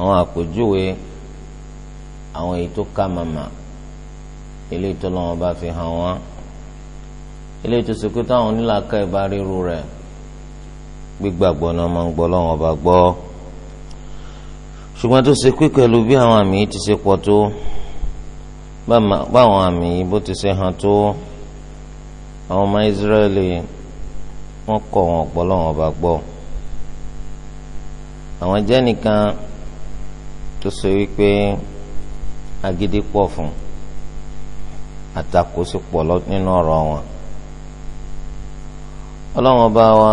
àwọn àpèjúwe àwọn èyí tó ká màmá eléyìí tó lọ́wọ́ bá fi hàn wọ́n eléyìí tó sèkú táwọn onílàákà ìbá ríru rẹ̀ gbígbàgbọ́ náà máa ń gbọ́ lọ́wọ́ bá gbọ́ ṣùgbọ́n tó ṣe pẹ̀lú bí àwọn àmì yìí ti ṣe pọ̀ tó báwọn àmì yìí bó ti ṣe hàn tó àwọn ọmọ Ísírẹ́lì wọ́n kọ̀ wọ́n gbọ́ lọ́wọ́ bá gbọ́ àwọn jẹ́ tó ṣe wípé agídí pọ̀ fún àtakò sí pọ̀ nínú ọ̀rọ̀ wọn ọlọ́run ọba wa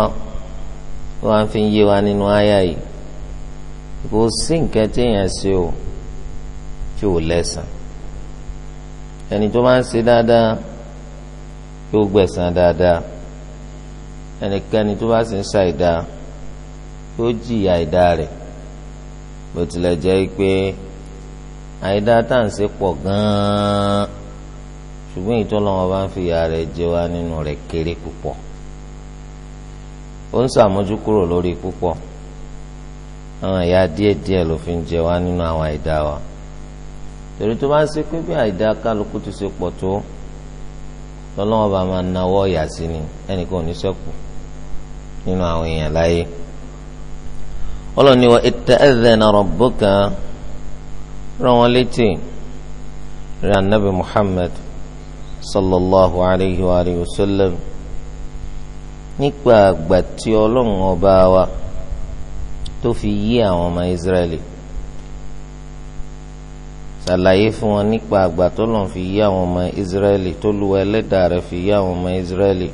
wọ́n á fi ń yé wa nínú àyà yìí kò sí nǹkan tí èèyàn ṣe o tí ò lẹ́sàn ẹni tó máa ń ṣe dáadáa yóò gbẹ̀san dáadáa ẹnikẹ́ni tó bá sì ń ṣàìdá yóò jìyà àìdá rẹ̀ bó tilẹ̀ jẹ́ pé àìdá táǹsì pọ̀ gan-an ṣùgbọ́n ìtọ́lọ́wọ́n bá ń fi ìyá rẹ̀ jẹ wá nínú rẹ̀ kéré púpọ̀ ó ń ṣàmójú kúrò lórí púpọ̀ àwọn ìyá díẹ̀díẹ̀ ló fi ń jẹ wá nínú àwọn àìdá wa torí tó bá ń ṣe pé bí àìdá kálukú ti ṣe pọ̀ tó lọ́lọ́wọ́n bá máa nawọ́ ìyà sí ni ẹnì kan ò ní ṣẹ́kù nínú àwọn èèyàn láyé ọlọ́ni wa itta'adhana rabbuka rán wọn létí rẹ anabi muhammad sallallahu alayhi wa alihi wa sallam nípa àgbà tí ọlọ́run ọba wa tó fi yí àwọn ọmọ israẹli ṣàlàyé fún wọn nípa àgbà tó lọ́n fi yí àwọn ọmọ israẹli tó lu ẹlẹ́dàá rẹ̀ fi yí àwọn ọmọ israẹli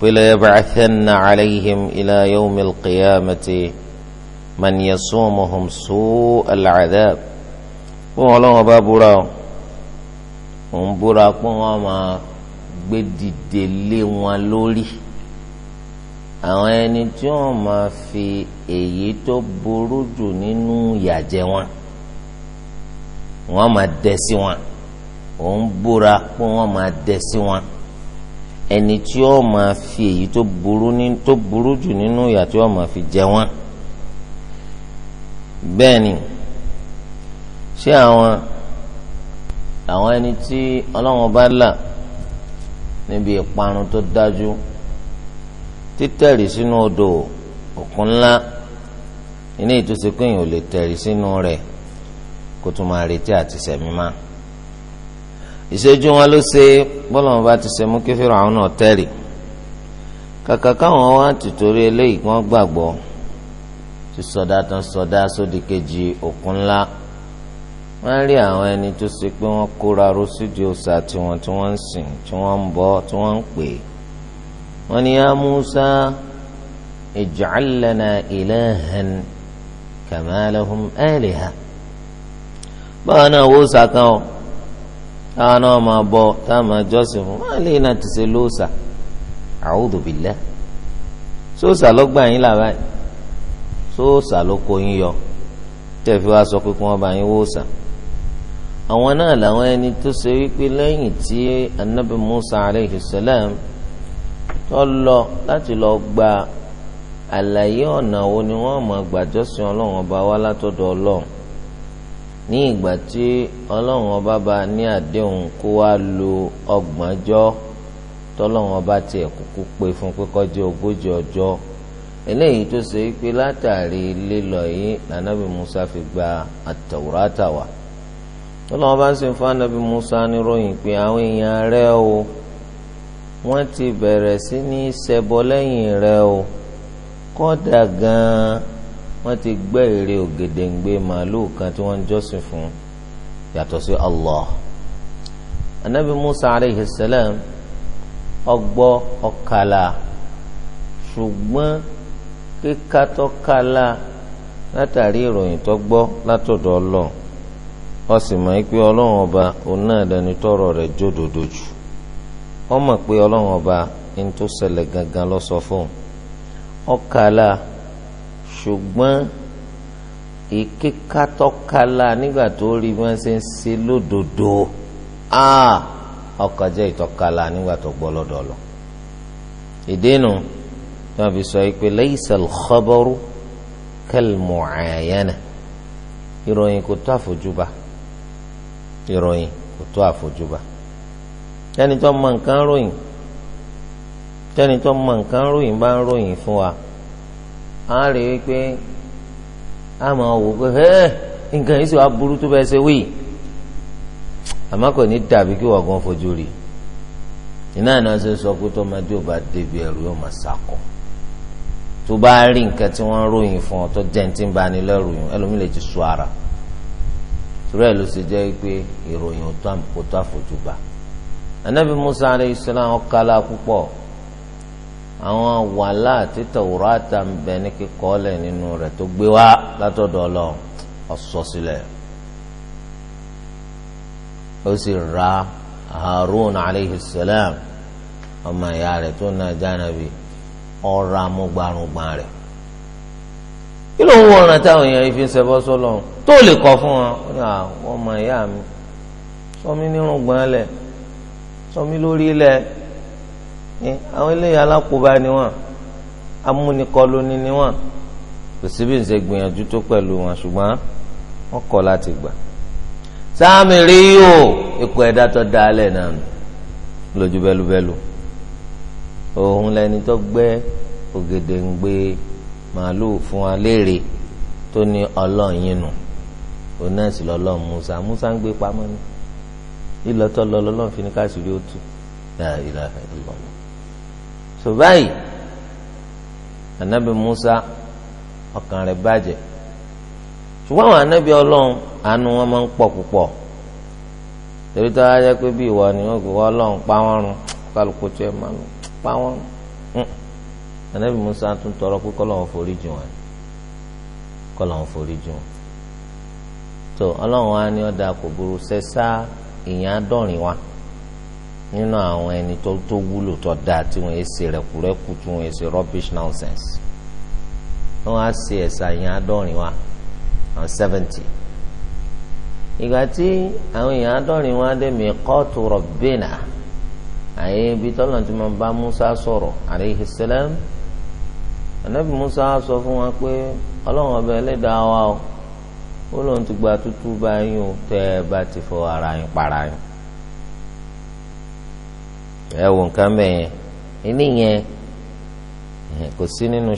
pẹlẹ yab'athanna alayhim ila yawmil qiyamati. من يصومهم سوء العذاب. fún ọlọ́wọ́n bá búra o òun búra pé wọ́n máa gbé dìde lé wọn lórí àwọn ẹni tí wọ́n máa fi èyí tó burú jù nínú ìyà jẹ wọn wọ́n máa dẹ sí wọn òun búra pé wọ́n máa dẹ sí wọn ẹni tí wọ́n máa fi èyí tó burú jù nínú ìyà tí máa fi jẹ wọn bẹ́ẹ̀ ni ṣé àwọn àwọn ẹni tí ọlọ́run bá là níbi ìparun tó dájú títẹ̀rí sínú odò òkun ńlá iná ìtúsí pé èèyàn ò lè tẹ̀rí sínú rẹ̀ kó tún máa retí àti sẹ̀mí má. ìṣẹ́jú wọn ló ṣe bọ́lọ́mọ bá ti ṣe mú kí Fáráò náà tẹ̀rí kàkà káwọn wá ti torí eléyìí wọ́n gbàgbọ́ tí sọdá tán sọdá sódì kejì òkun ńlá wọ́n rí àwọn ẹni tó ṣe pé wọ́n kóra ró sídìí òòṣà tiwọn tí wọ́n ń sìn tí wọ́n ń bọ tí wọ́n ń pè wọ́n ní yá Musa ij'al lana ilahan kama lahum báwọn náà wó sàkán o táwọn náà máa bọ táwọn máa jọ́sìn fún wọn lè náà ti ṣe lóòṣà a'udhu billah lọ́gbà yín làbáyìí sóòsà ló kó yín yọ tẹ̀fí wa sọ pé kí wọ́n bá yín wòòsà àwọn náà làwọn ẹni tó ṣe wípé lẹ́yìn tí anabi Musa aleyhi salam tó lọ láti lọ gba àlàyé ọ̀nà wo ni wọ́n mọ̀ gbàjọ́sìn ọlọ́run ọba wá látọ̀dọ̀ ọlọ́run ní ìgbà tí ọlọ́run ọba bá ní àdéhùn kó wá lo ọgbọ̀njọ́ tọ́lọ́run ọba tiẹ̀ kúkú pé fún pé kó jẹ́ ogójì ọjọ́ eléyìí tó ṣe pé látàrí lílọ yìí nànàbì musa fi gba àtàwùrátà wá tọ́lọ́wọ́ bá ń sìn fún ànàbì musa níròyìn pé àwọn èèyàn rẹ o wọ́n ti bẹ̀rẹ̀ sí ní ṣẹbọ lẹ́yìn rẹ o kọ́dà gan-an wọ́n ti gbẹ́ ère ògèdèǹgbè màálùú kan tí wọ́n ń jọ́sìn fún yàtọ̀ sí Allah anabi musa aleyhi salam ọgbọ́ ọ̀kàlà ṣùgbọ́n ekekatọkala tó ká la látàrí ìròyìn tó gbọ́ látọ̀dọ̀ ọlọ́run wọ́n sì mọ̀ pé ọlọ́run ọba òun náà dání tọrọ rẹ̀ jódodo jù wọ́n mọ̀ pé ọlọ́run ọba tó gangan lọ sọ fún ọkàlà ṣùgbọ́n nígbà tó ṣe ń ṣe jẹ́ nígbà tó gbọ́ lọ́dọ̀ lọ náà fi sọ pé laysal khabaru kal mu'ayana ìròyìn kò tó àfojúbà ìròyìn kò tó àfojúbà tẹ́ni tó mọ nǹkan ròyìn tẹ́ni tó mọ nǹkan ròyìn bá ń ròyìn fún wa á rí i pé a máa wò pé ẹ́ nǹkan yìí sì wá burú tó bẹ́ẹ̀ ṣe wí àmọ́ kò ní dàbí kí wọ́n gan fojú rí iná ìná ṣe sọ pé tọ́mọdé ò bá débi ẹ̀rù yóò máa ṣàkó tó bá rí nǹkan tí wọ́n ròyìn fún ọ tó jẹ́ ní tí ń bani lẹ́rù yìí ẹlòmíì lè ti sọ ara sùrẹ́ ló ṣe jẹ́ pé ìròyìn kò tó àfojúbà anabi musa alayhi salam ọkàlà púpọ̀ àwọn wàhálà àti tawurata ń bẹ ní kíkọ́lẹ̀ nínú rẹ̀ tó gbé wá látọ̀dọ̀ ọlọ́run ọ̀sọ́ sílẹ̀ ó sì ra harun alayhi ọmọ ìyá rẹ̀ tó náà jánabi ọ̀rọ̀ amúgbarùngbọ̀n rẹ̀ kí ló ń wọ ọ̀ràn táwọn èèyàn fi ṣẹbọ́ sọ́lọ́ tó lè kọ́ fún wọn ó ní àwọn ọmọ ìyá mi sọmi nírùngbọ̀n lẹ̀ sọmi lórí lẹ̀ àwọn eléyìí alákòóbá ni wọn amúnikọ́lóni ni wọn kò síbi ń ṣe gbìyànjú tó pẹ̀lú wọn ṣùgbọ́n wọ́n kọ̀ láti gbà sáàmì rí yóò ikú ẹ̀dá tó dá alẹ́ náà lójú bẹ́lúbẹ́lú òun lẹni tó gbẹ́ ògèdèǹgbè màálù fún wa léèrè tó ní ọlọ́run yín nù òun náà sì lọ́lọ́run Musa Musa ń gbé pamọ́ ni ìlọtọ́ lọ lọ́lọ́run fi ní káṣírí ó tú so báyìí anabi Musa ọkàn rẹ̀ bàjẹ́ ṣùgbọ́n àwọn anabi ọlọ́run àánú wọn máa ń pọ̀ púpọ̀ torí tó wáyé pé bí ìwọ ni wọn kò wọ́ ọlọ́run pa wọn rún kálukú tó ẹ̀ máa lọ. pa wọn anabi hmm. musa tún tọrọ pé kọlọ́wọ́ forí jù wọn kọlọ́wọ́ forí jù wọn tó ọlọ́run ọ̀dà kò burú sẹ́sá ìyẹn adọ́rin wa nínú àwọn ẹni tó tó wúlò tó dáa tí wọ́n ṣe rẹ̀kúrẹ́kù tí wọn ṣe rubbish nonsense wọ́n á ṣe ẹ̀sà ìyẹn àwọn seventy ìgbà tí àwọn ìyẹn adọ́rin àyè ibi tọ́lọ̀ ti wọ́n bá Musa sọ̀rọ̀ alayhi salam anabi Musa sọ fún wọn pé ọlọ́run ọba ẹlẹ́dàá wa o ó lóun ti gba tútú báyìí ara yín para yín ẹ wò nǹkan kò sí nínú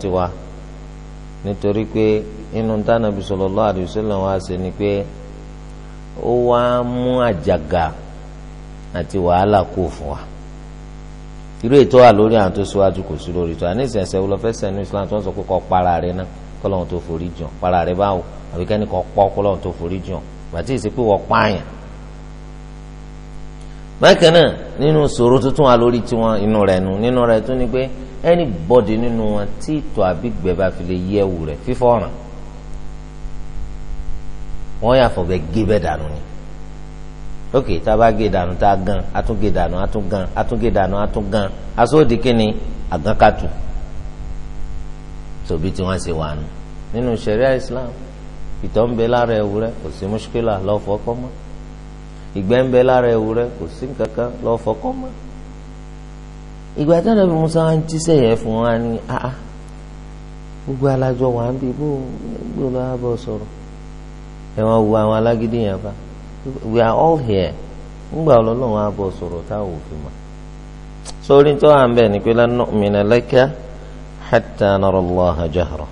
tiwa nítorí pé inú tánàbí sallallahu ni pé ó wá mú àti wàhálà kù fún wa irú ètò wà lórí àwọn tó síwájú kò sí lórí tó àní ìsẹ̀nsẹ̀ wọlé fẹsẹ̀ ní Islam tó ń sọ pé kọ́ para rẹ náà kọ́ lọ́wọ́n tó forí jàn para rẹ báwo àbí kẹ́ni kọ́ pọ́ kọ́ lọ́wọ́n tó forí jàn bàtí ìsìnkú wọ́n pààyàn. bákan náà nínú sòro tuntun wa lórí tiwọn inú rẹ nu nínú rẹ tún ni pé anybody nínú wọn tí ìtọ̀ àbí gbẹ̀ bá fi lè yẹ ẹ̀wù rẹ̀ fífọ́ràn wọ́n yà fọ̀ gé bẹ́ẹ̀ dànù ni lókè tá a bá gé dànù tá a gan a tún gé dànù a tún gan a tún gé dànù a tún gan asóòdì kínni àgánkàtù tòbí tí wọ́n ṣe wà nínú sẹ̀ríà Islam ìtọ̀ ń bẹ lára ewúrẹ́ kò sí mùṣkílà lọ́ọ́ fọkọ́ mọ́ ìgbẹ́ ń bẹ lára ewúrẹ́ kò sí nǹkankan lọ́ọ́ fọkọ́ mọ́ ìgbà tí wọn fi Musa ń tíṣẹ́ yẹn fún wa ni ah gbogbo alájọ wà ń bí bó gbogbo abọ́ sọ̀rọ̀ ẹ̀ wọ́n wo àwọn alágídí yẹn bá. we are all here ńgbà ọlọ́lọ́run á bọ̀ sọ̀rọ̀ tá a ò fi mọ̀ sórí tó à ń ni pé lan nu'mina laka hatta nara Allaha jahra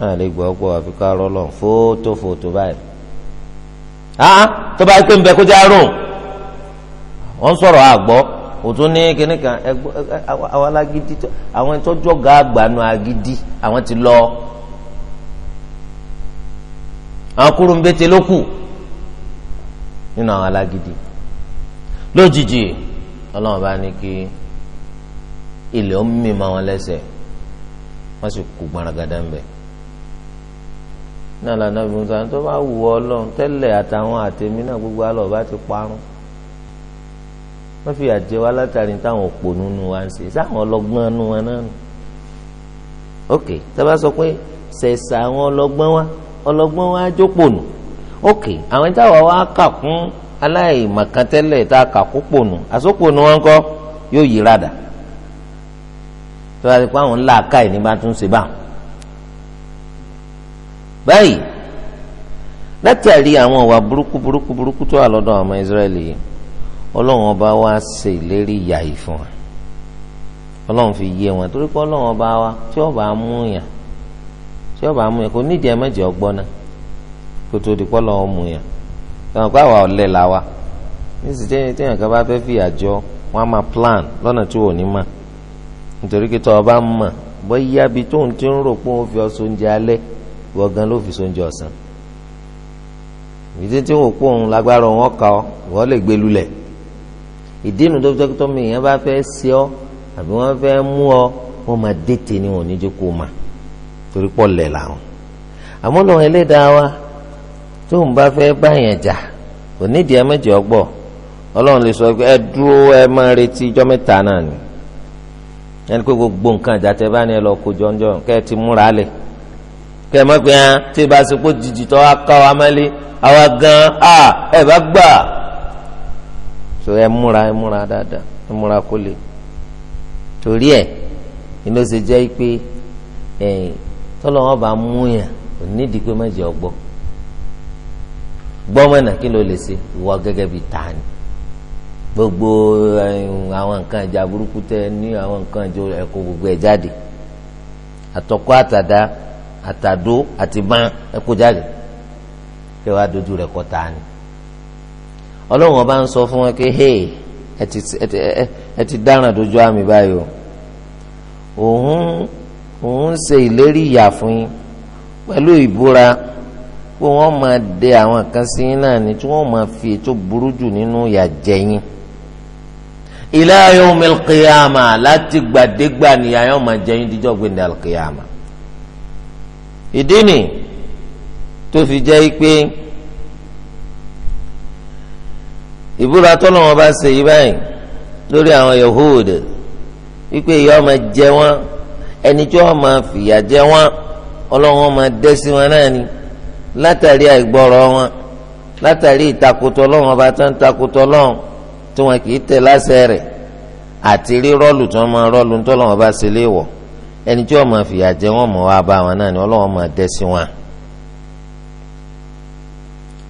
náà lè gbọ́ pọ̀ àfi ká rọ́lọ́ fótó fótó báyìí ah tó bá pé nbẹ kó já òtún ní kíní kan àwọn alágídí àwọn nínú àwọn alágídí lójijì ọlọ́run bá ní kí ilẹ̀ ó mímọ́ wọn lẹ́sẹ̀ wọ́n sì kú gbaragada ńbẹ náà lànà ìbùnsá tó bá wù ọ lọ tẹ́lẹ̀ àtàwọn àtẹ̀mí náà gbogbo àlọ́ bá ti parun wọ́n fi àjẹ wa látàrí táwọn òpònú nu wa ń ṣe sáwọn ọlọ́gbọ́n nu wọn náà nù ok tẹ́ bá sọ pé ṣẹ̀ṣà àwọn ọlọ́gbọ́n wa ọlọ́gbọ́n wa jókòó nù ok àwọn táwa wá kà kún aláìmọ̀kan tẹ́lẹ̀ tá a kà kó pònú àsopònú wọn kọ́ yóò yí rádà tó a ti pa àwọn ńlá ká ẹ̀ ní bá tún ṣe bá báyìí látàrí àwọn ìwà burúkú burúkú burúkú tó wà lọ́dọ̀ àwọn Israẹli yìí ọlọ́run ọba wa ṣe ìlérí ìyà yìí fún wa ọlọ́run fi yé wọn torí pé ọlọ́run ọba wa tí ọba amúyàn tí ọba amúyàn kò nídìí ẹ mẹ́jẹ ọgbọ́n náà kótó di kọ́ lọ́wọ́ mu yàn kàn kó àwa ọ̀lẹ́ là wa níṣì kan bá fẹ́ fi àjọ wọn máa plan lọ́nà tí wò ní mà nítorí kí tọ́ ọ bá mọ̀ ti ń rò pé fi ọsọ oúnjẹ alẹ́ gbọ̀ngàn ló fi sóúnjẹ ọ̀sán ìdí tí wò pé ọ wọ́n lè gbé e lulẹ̀ ìdí inú tó fi tọ́kítọ́ mi bá fẹ́ ọ àbí wọ́n fẹ́ ọ wọ́n máa ni ò ní jókòó tóun bá fẹ́ báyẹn jà kò nídìí ẹ méjì ọgbọ́ lè sọ pé ẹ dúró ẹ máa retí ijọ́ mẹ́ta náà ni ẹni pé gbogbo nǹkan àjàtẹ bá ní ẹ lọ kó jọjọ kẹ ẹ ti múra lẹ kẹ ẹ mọ pé hàn ah, tí ìbá ṣe kó jìjì tó wá ká wa mẹ́lẹ́ àwa gan a ah, ẹ bá gbà so ẹ múra ẹ múra dáadáa ẹ múra kó lè torí ẹ inú ṣe jẹ́ pé ẹ tọ́lọ́ wọn bá mú yàn nídìí pé má ọgbọ́n gbọ́mọ̀nà kí ló lè ṣe ìwọ gẹ́gẹ́ bíi tani gbogbo eh, àwọn nǹkan ìjà burúkú tẹ ní àwọn nǹkan ìjọ ẹ̀kọ́ gbogbo ẹ̀ jáde àtọkọ àtàdá àtàdó àti bán ẹ̀kọ́ jáde kí wàá dojú rẹ̀ kọ tani ọlọ́run ọba ń sọ fún wọn pé hey ẹ ti dáràn dojú àmì báyìí o òun òun ṣe ìlérí ìyà fún yín pẹ̀lú ìbúra pé wọ́n máa de àwọn kan sí yín náà ni tí wọ́n máa fi ètò burú jù nínú ìyà jẹ yín ila yawmil qiyama láti gbàdégbà nìyà yóò máa jẹ yín díjọ́ gbẹ̀ndẹ̀ al-qiyama ìdí ni tó fi jẹ́ pé ìbúra tọ́lọ́ wọn bá ṣe yí báyìí lórí àwọn Yahud wípé ìyà ọmọ jẹ wọn ẹni tí wọn máa fìyà jẹ wọn ọlọ́wọ́n máa dẹ́ wọn náà ni látàrí àìgbọ́rọ̀ wọn látàrí ìtakùtọ̀ lọ́wọ́n ọba tó ń takùtọ̀ lọ́wọ́n tí wọn kì í tẹ̀ láṣẹ rẹ̀ àti rírọ́ọ̀lù tí wọ́n máa rọ́ọ̀lù tó lọ́wọ́n bá ṣe léèwọ̀ ẹni tí wọ́n máa fìyà jẹ wọ́n mọ̀ wá bá wọn náà ni ọlọ́wọ́n máa dẹ́ sí wọn.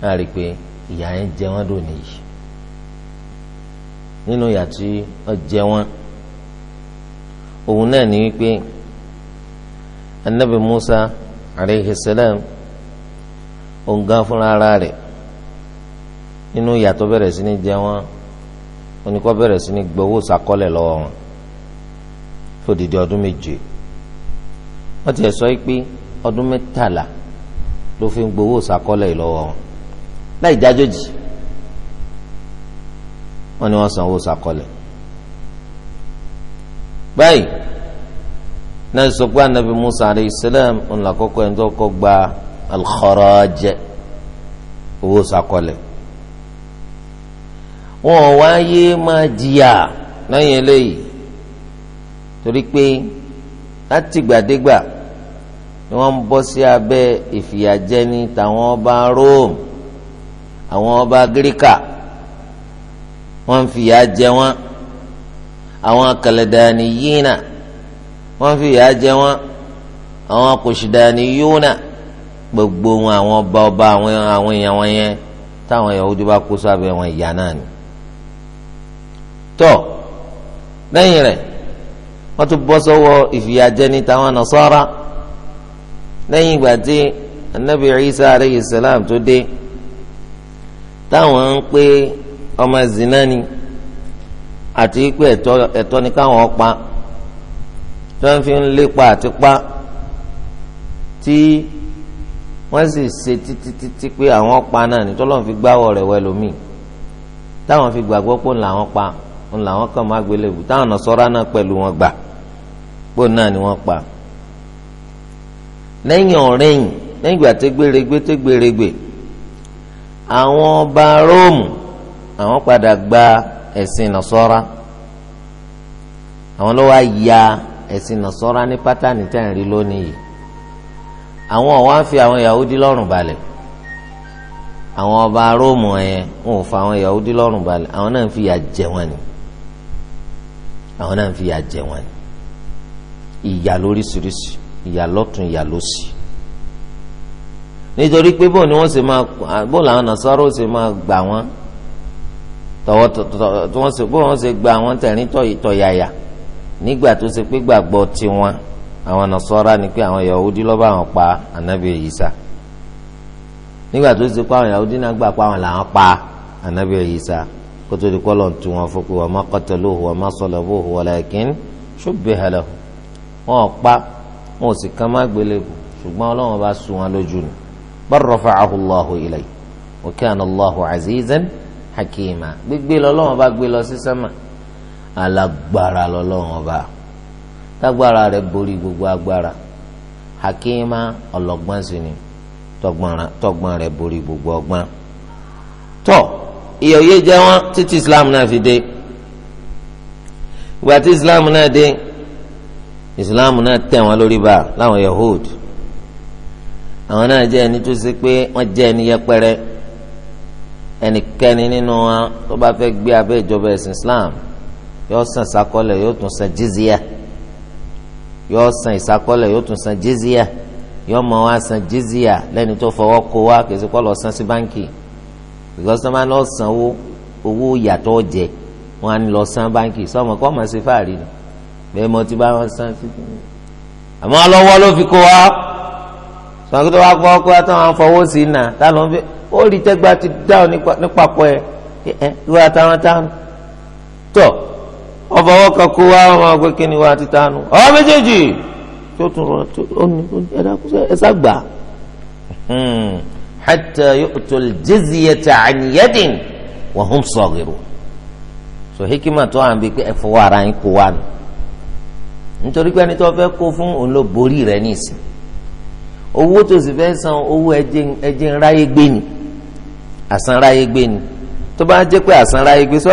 a rí i pé ìyà yẹn jẹ wọ́n dòní yìí nínú ìyà tí ó jẹ wọ́n òun náà ní wípé anabi Musa aleyhi salam òun gan fúnra ara rẹ̀ nínú ìyàtọ̀ bẹ̀rẹ̀ sí ní jẹ wọn oníkọ́ bẹ̀rẹ̀ sí ní gbowó sàkọ́lẹ̀ lọ́wọ́ wọn fòdìdí ọdún méje wọ́n ti sọ pé ọdún mẹ́tàlá ló fi ń gbowó sàkọ́lẹ̀ lọ́wọ́ wọn láì dájọ́jì wọ́n ní wọ́n sanwó sàkọ́lẹ̀ báyìí náà sọ pé anabi musa aleyhisselam ńlá kọ́kọ́ ẹni tó kọ́ gba alxọrọjẹ owó sakọlẹ wọn ò wáyé máa jìyà lẹ́yìn eléyìí torí pé láti gbàdégbà ni wọ́n ń bọ́ sí abẹ́ ìfìyàjẹni tàwọn ọba Rome àwọn ọba gíríkà wọ́n ń fìyà jẹ wọ́n àwọn kàlẹ́dàní yína wọ́n fìyà jẹ wọ́n àwọn kòṣìdàní yóna gbogbo wọn àwọn ọba ọba àwọn àwọn èèyàn wọn yẹn táwọn Yahudi bá kó sábẹ́ wọn ìyá náà ni. tọ́ lẹ́yìn rẹ̀ wọ́n tún bọ́ sọ́wọ́ ìfìyàjẹni táwọn Nasara lẹ́yìn ìgbà tí anabi Isa aleyhi salam tó dé táwọn ń pé ọmọ zina ni àti pé ẹ̀tọ́ ẹ̀tọ́ ni káwọn pa tí wọ́n fi ń lépa àti pa tí wọ́n sì ṣe títí títí pé àwọn pa náà ní tọ́lọ́run fi gbáwọ̀ rẹ̀ wẹ́ lómi táwọn fi gbàgbọ́ pé ń làwọn pa ń làwọn kàn má gbélébù táwọn nọ̀sọ́rá náà pẹ̀lú wọn gbà pé náà ni wọ́n pa. lẹ́yìn ọ̀rẹ́yìn lẹ́yìn ìgbà tégbèrègbè tégbèrègbè àwọn ọba róòmù àwọn padà gba ẹ̀sìn nọ̀sọ́rá àwọn ló wá ya ẹ̀sìn nọ̀sọ́rá ní pátánì tẹ̀ lónìí yìí àwọn ọ̀wá ń fi àwọn Yahudi lọ́rùn balẹ̀ àwọn ọba róòmù yẹn wọn ò fa àwọn Yahudi lọ́rùn balẹ̀ àwọn náà ń fìyà jẹ wọn ni àwọn náà ń fìyà jẹ wọn ni ìyà lóríṣiríṣi ìyà lọ́tún ìyà lósì nítorí pé bó ni wọ́n ṣe máa bó làwọn nasara ṣe máa gbà wọ́n tọwọ́ tọwọ́ bó wọ́n ṣe gbà wọ́n tẹ̀rín tọ̀yàyà nígbà tó ṣe pé gbàgbọ́ tiwọn àwọn nasọ́ra ni pé àwọn yahudi lọ́ba àwọn pa anabi Isa nígbà tó ti pa àwọn yahudi náà gbà pa àwọn làwọn pa anabi Isa kótó di kọ́lọ̀ tún wọn fún pé wa ma qataluhu wa ma salabuhu walakin shubbiha lahu wọn pa wọn ò sì kàn má gbélébù ṣùgbọ́n ọlọ́run bá sun wọn lójú ni bal rafa'ahu Allahu ilayhi wa kana azizan hakima gbígbé lọ́lọ́run bá gbé lọ sí sánmà alágbára lọ́lọ́run bá tágbára rẹ̀ borí gbogbo agbára hakima ọlọ́gbọ́n sí ni tọ́gbọ́n rẹ̀ borí gbogbo ọgbọ́n tọ́ ìyọ̀yé jẹ́ wọ́n títí islam náà fi dé ìgbà tí islam náà dé islam náà tẹ̀ wọ́n lórí bá láwọn yahood àwọn náà jẹ́ ẹni tó ṣe pé wọ́n jẹ́ ẹni yẹpẹrẹ ẹnikẹ́ni nínú wọn tó bá fẹ́ gbé abẹ́ ìjọba ẹ̀sìn islam yóò san sákọ́lẹ̀ yóò tún san jizya yóò san ìsakọ́lẹ̀ yóò tún san jizíà yóò mọ wá san jizíà lẹ́ni tó fọwọ́ kó wá kì í sọ́kọ́ lọ san sí báńkì because tó máa lọ sanwó owó yàtọ̀ jẹ wọn á ní lọ san báńkì sọmọ kọ́ mọ̀ sí fàárì ni bẹ́ẹ̀ mo ti bá wọn san sí àmọ́ lọ́wọ́ ló fi kó wá sọ̀rọ̀ tó wá fọwọ́ kó wá tó sí nà tá ló ń fi ó rí tẹ́gbà ti dá nípa pọ̀ ẹ̀ ẹ̀ ìwé àtàwọn táwọn tọ̀. ọba ọwọ́ kan kó wá wọn àgbẹ̀ kí ni wọ́n àti tánu ọwọ́ méjèèjì tí ó tún rọ ó ní ẹ̀dá kó sẹ́ ẹ̀sà gbà. Hmm. hatta yu'tul jizyata an so hikima tó à ń bi pé ẹ fọwọ́ ara yín kó nù nítorí pé ẹni tó fẹ́ kó fún òun ló borí rẹ nísìn owó tó sì fẹ́ san owó ẹjẹ ńráyé gbé ni àsanráyé gbé ni tó bá jẹ́ pé àsanráyé gbé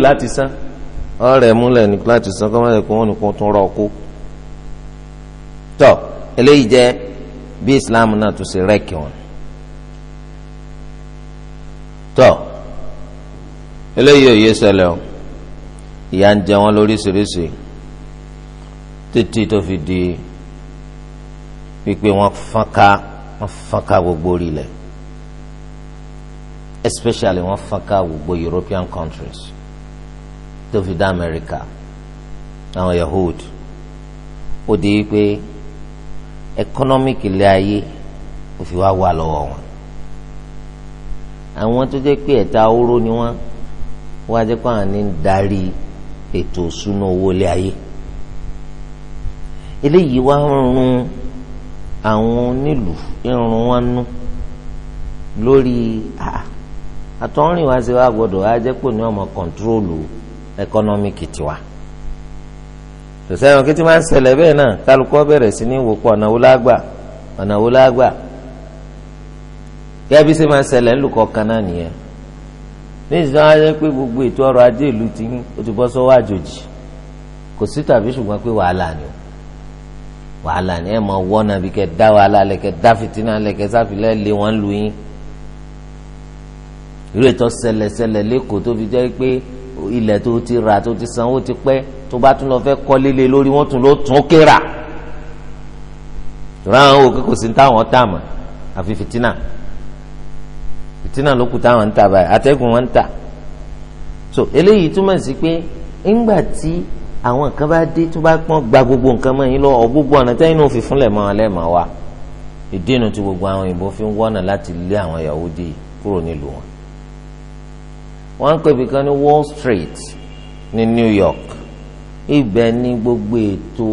láti san ọ̀rẹ́ múlẹ̀ ní láti san kọ́ máa kó wọn nìkan tún rọ kó tọ́ eléyìí jẹ́ bí islam náà tún ṣe rẹ́ẹ̀kì wọn tọ́ eléyìí ò yé ṣẹlẹ̀ o ìyà ń jẹ wọn lóríṣiríṣi títí tó fi di wípé wọn fọ́nká wọn fọ́nká gbogbo orílẹ̀ especially wọn fọ́nká gbogbo European countries tó fi dá amẹ́ríkà àwọn yahood ó di pé economic ilé ayé ó fi wá wà lọ́wọ́ wọn àwọn tó jẹ́ pé ẹ̀ta oró ni wọ́n wá jẹ́ pé àwọn ní ń darí ètò ìṣúná owó ilé ayé eléyìí wá ń àwọn onílù irun wọn nú lórí àtọ́rìn wá sí wa gbọ́dọ̀ á jẹ́ pé ní ọmọ kọ̀ǹtróòlù o Economic tiwa tòsẹ́yìn kí tí máa ń ṣẹlẹ̀ bẹ́ẹ̀ náà kálukọ́ bẹ̀rẹ̀ sí ní wò pọ̀ ọ̀nà wo lágbà ọ̀nà wo lágbà gẹ́gẹ́ bí ṣe máa ń ṣẹlẹ̀ ńlùkọ́ kan náà nìyẹn ní ìṣẹ́ wọn á yẹ pé gbogbo ètò ọrọ̀ ajé ìlú ti ń o ti bọ́ sọ́wọ́ àjòjì kò sí tàbí ṣùgbọ́n pé wàhálà ni wàhálà ni ẹ mọ wọ́nà bí kẹ dá wàhálà lẹ kẹ dá fìtínà lẹ kẹ sáfìlẹ̀ lé wọn lu yín irú ṣẹlẹ̀ ṣẹlẹ̀ lẹ́kọ̀ọ́ tó fi jẹ́ pé ilẹ̀ tó ti rà tó ti sanwó ti pẹ́ tó bá tún lọ fẹ́ kọ́lé lé lórí wọ́n tún ló tún kéra ráhùn òkè kò sí táwọn tà mọ́ àfi fìtínà fìtínà ló kù táwọn ń tà báyìí àtẹ́gùn wọn ń tà so eléyìí túmọ̀ sí pé ńgbà tí àwọn kan bá dé tó bá pọ́n gba gbogbo nǹkan mọ́ yín lọ ọ gbogbo ọ̀nà tẹ́yìn náà fi fúnlẹ̀ mọ́ ọ lẹ́ẹ̀mọ́ wa ìdí inú tí gbogbo àwọn òyìnbó fi ń wọ́nà láti lé àwọn Yahudi kúrò nílùú wọn wọ́n ń pè bìkan ní Wall Street ní New York ibẹ̀ ní gbogbo ètò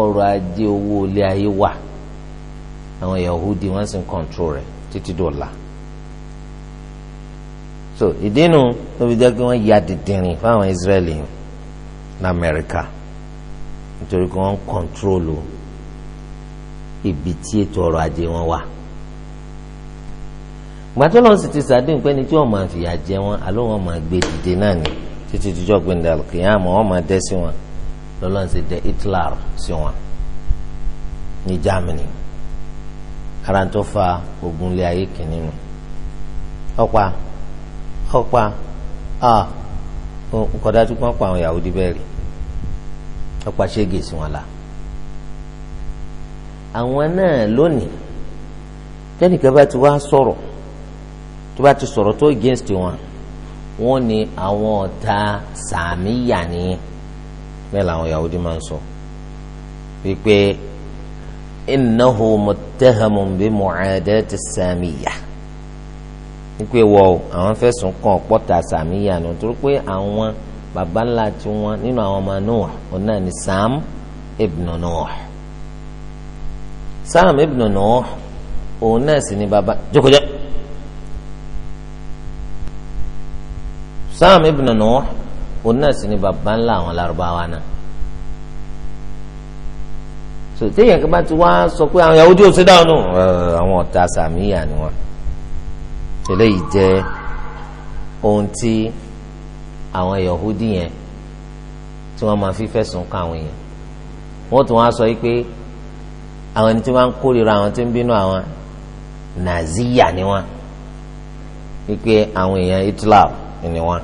ọrọ̀ ajé owó ilé ayé wà àwọn Yahudi wọ́n sì ń control rẹ̀ títí dọ̀la so ìdínú ló fi jẹ́ kí wọ́n ya dìndìnrín fáwọn Israẹli n'Amẹ́ríkà nítorí kí wọ́n ń kọ́ńtrólù ibi tí ètò ọrọ̀ ajé wọn wà. Wa gbàtọ́ lọ́n sì ti sàdéhùn pé ní tí wọ́n máa fìyà jẹ wọn àló wọn máa gbé dìde náà ni títí tíjọ́ gbẹ̀ndà kìyàmù wọn máa dẹ́ sí wọn lọ́lọ́n sì dẹ Hitler sí wọn ní Germany ara tó fa ogun ilé ayé kìíní nù ọ̀pá ọ̀pá a kọ̀dá tó kàn pa àwọn Yahudi bẹ́ẹ̀ rí ọ̀pá ṣége sí wọn la àwọn náà lónìí tẹ́nìkan bá ti wá sọ̀rọ̀ tó bá ti sọ̀rọ̀ tó against wọn wọn ni àwọn ọ̀tá sàmìyà ni bẹ́ẹ̀ làwọn Yahudi máa ń sọ wípé innahu muttahamun bi mu'adati sàmìyà wípé wọ́ o àwọn fẹ̀sùn kàn pọ́tà sàmìyà nù torí pé àwọn baba ńlá tiwọn nínú àwọn ọmọ Noah òun náà ni Sam ibn Noah Sam ibn Noah òun náà sì ni baba jókòó jẹ́ Sam ibn Nuh òun náà sì ni bàbá ńlá àwọn Lárúbáwá náà so téèyàn kan bá ti wá sọ pé àwọn Yahudi ò sí dáhùn àwọn ọ̀tá sàmìyà ni wọn eléyìí jẹ́ ohun tí àwọn Yahudi yẹn tí wọ́n máa fi fẹ̀sùn kàn àwọn èèyàn wọ́n tún wá sọ yìí pé àwọn ẹni tí wọ́n ń àwọn tí ń bínú àwọn nàzíyà ni wọ́n wípé àwọn èèyàn Hitler ni wọn